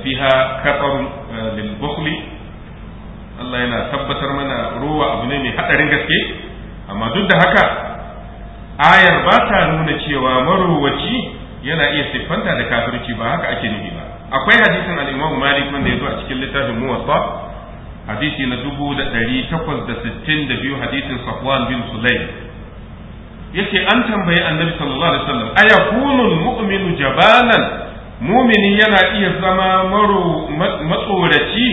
[SPEAKER 2] fiha katsarun lil bukhli Allah yana tabbatar mana rowa abu ne mai haɗarin gaske amma duk da haka ayar ba ta nuna cewa marowaci yana iya siffanta da kafirci ba haka ake nufi ba akwai hadisin al-Imam Malik wanda ya zo a cikin littafin Muwatta hadisi na da da sittin biyu, hadisin Safwan bin Sulaim yace an tambayi annabi sallallahu alaihi wasallam ayakunul mu'minu jabanan mumini yana iya zama maro matsoraci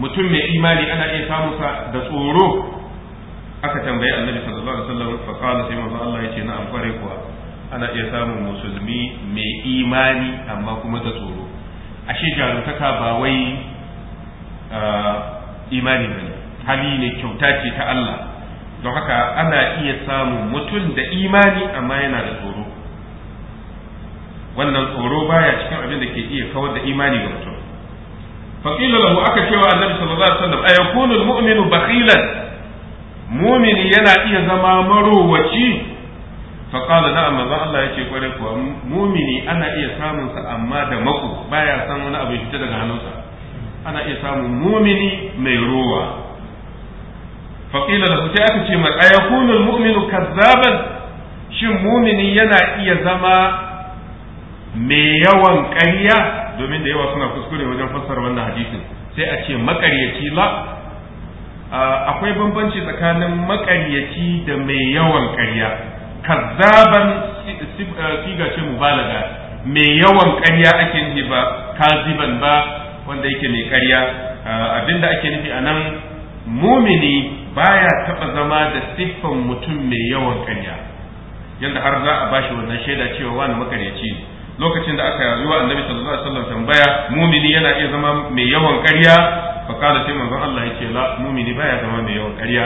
[SPEAKER 2] mutum mai imani ana iya samunsa da tsoro aka tambayi annabi sallallahu alaihi wasallam fa qala sai manzo Allah yace na amfare kuwa ana iya samun musulmi mai imani amma kuma da tsoro ashe jarumtaka ba wai ah, imani bane hali ne kyauta ce ta Allah don haka ana iya samun mutum da imani amma yana da tsoro wannan tsoro baya cikin abin da ke iya kawar da imani ga mutum faqila lahu aka cewa annabi sallallahu alaihi wasallam yakunu almu'minu bakhilan mu'mini yana iya zama marowaci faqala na'am manzo Allah yace kware kuwa mu'mini ana iya samun sa amma da mako baya san wani abu fita daga hannunsa ana iya samun mu'mini mai rowa faƙila da sai aka ce mai ayakunul mu'minu kazzaban shin mumini yana iya zama mai yawan ƙarya domin da yawa suna kuskure wajen fassara wannan hadisin sai a ce maƙaryaci la akwai bambanci tsakanin maƙaryaci da mai yawan ƙarya kazzaban siga ce mubalaga mai yawan ƙarya ake nufi ba kaziban ba wanda yake mai ƙarya abinda ake nufi a nan mumini baya taba zama da siffan mutum mai yawan karya yadda har za a bashi wannan shaida cewa wani makaryaci lokacin da aka yi wa annabi sallallahu alaihi wasallam tambaya mumini yana iya zama mai yawan karya fa kada sai manzon Allah yake la mumini baya zama mai yawan karya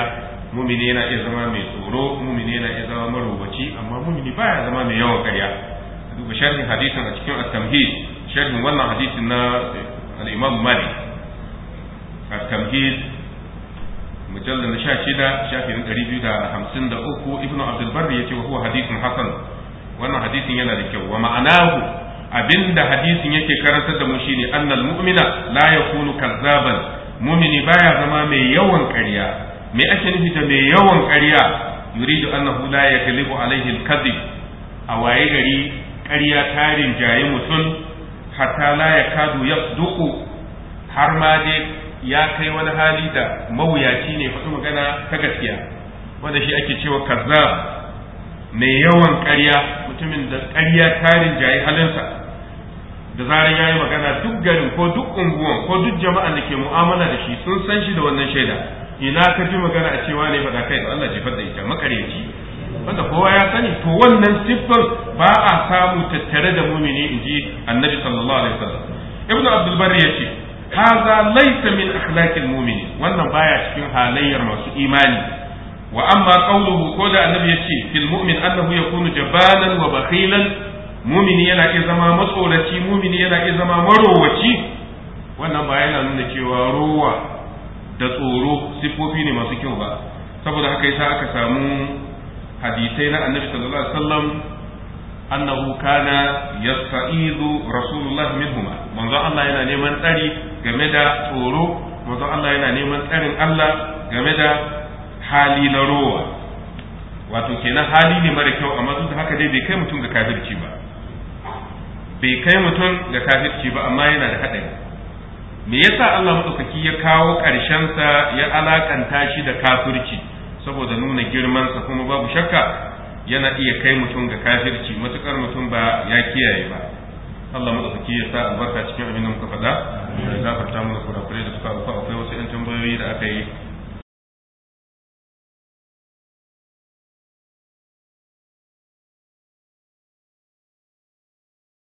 [SPEAKER 2] mumini yana iya zama mai tsoro mumini yana iya zama marubaci amma mumini baya zama mai yawan karya duba sharhin hadisin a cikin at-tamhid sharhin wannan hadisin na al-imam Malik at-tamhid mujallar na sha shida shafin ɗari biyu da hamsin da uku ibn abdulbar ya ce wa hadisin Hassan, wannan hadisin yana da kyau wa ma'ana ma'anahu abinda hadisin yake karantar da mu shine annal mu'mina la yakunu kazzaban mu'mini baya zama mai yawan ƙarya me ake nufi da mai yawan ƙarya yuridu annahu la yaklibu alaihi al a waye gari ƙarya ta rinjayi mutum hatta la yakadu yasduqu har ma dai ya kai wani hali da mawuyaci ne faɗi magana ta gaskiya wanda shi ake cewa kaza mai yawan ƙarya mutumin da ƙarya tarin jayi halinsa da zarar ya yi magana duk garin ko duk unguwan ko duk jama'an da ke mu'amala da shi sun san shi da wannan shaida ina ka ji magana a cewa ne faɗa kai da Allah ji da ita makareci wanda kowa ya sani to wannan siffar ba a samu tattare da mumini in ji annabi sallallahu alaihi wasallam ibnu abdul barri yace haza laysa min akhlaqil mu'minin wannan baya cikin halayyar masu imani wa amma qawluhu ko da annabi yace fil mu'min annahu yakunu jabanan wa bakhilan mumini yana iya zama matsoraci mumini yana iya zama marowaci wannan ba yana nuna cewa rowa da tsoro siffofi ne masu kyau ba saboda haka yasa aka samu hadisai na annabi sallallahu alaihi wasallam annahu kana yasta'izu rasulullah minhuma manzo Allah yana neman tsari game da tsoro manzo Allah yana neman tsarin Allah game da hali na rowa wato kenan hali ne mara kyau amma duk da haka dai bai kai mutum ga kafirci ba bai kai mutum ga kafirci ba amma yana da haɗari me yasa Allah madaukaki ya kawo ƙarshensa ya alaƙanta shi da kafirci saboda nuna girmansa kuma babu shakka yana iya kai mutum ga kafirci matukar mutum ba ya kiyaye ba Allah madaukaki
[SPEAKER 3] ya sa albarka cikin abin da muka faɗa ya gafarta da kurakurai da suka auku wasu 'yan tambayoyi da aka yi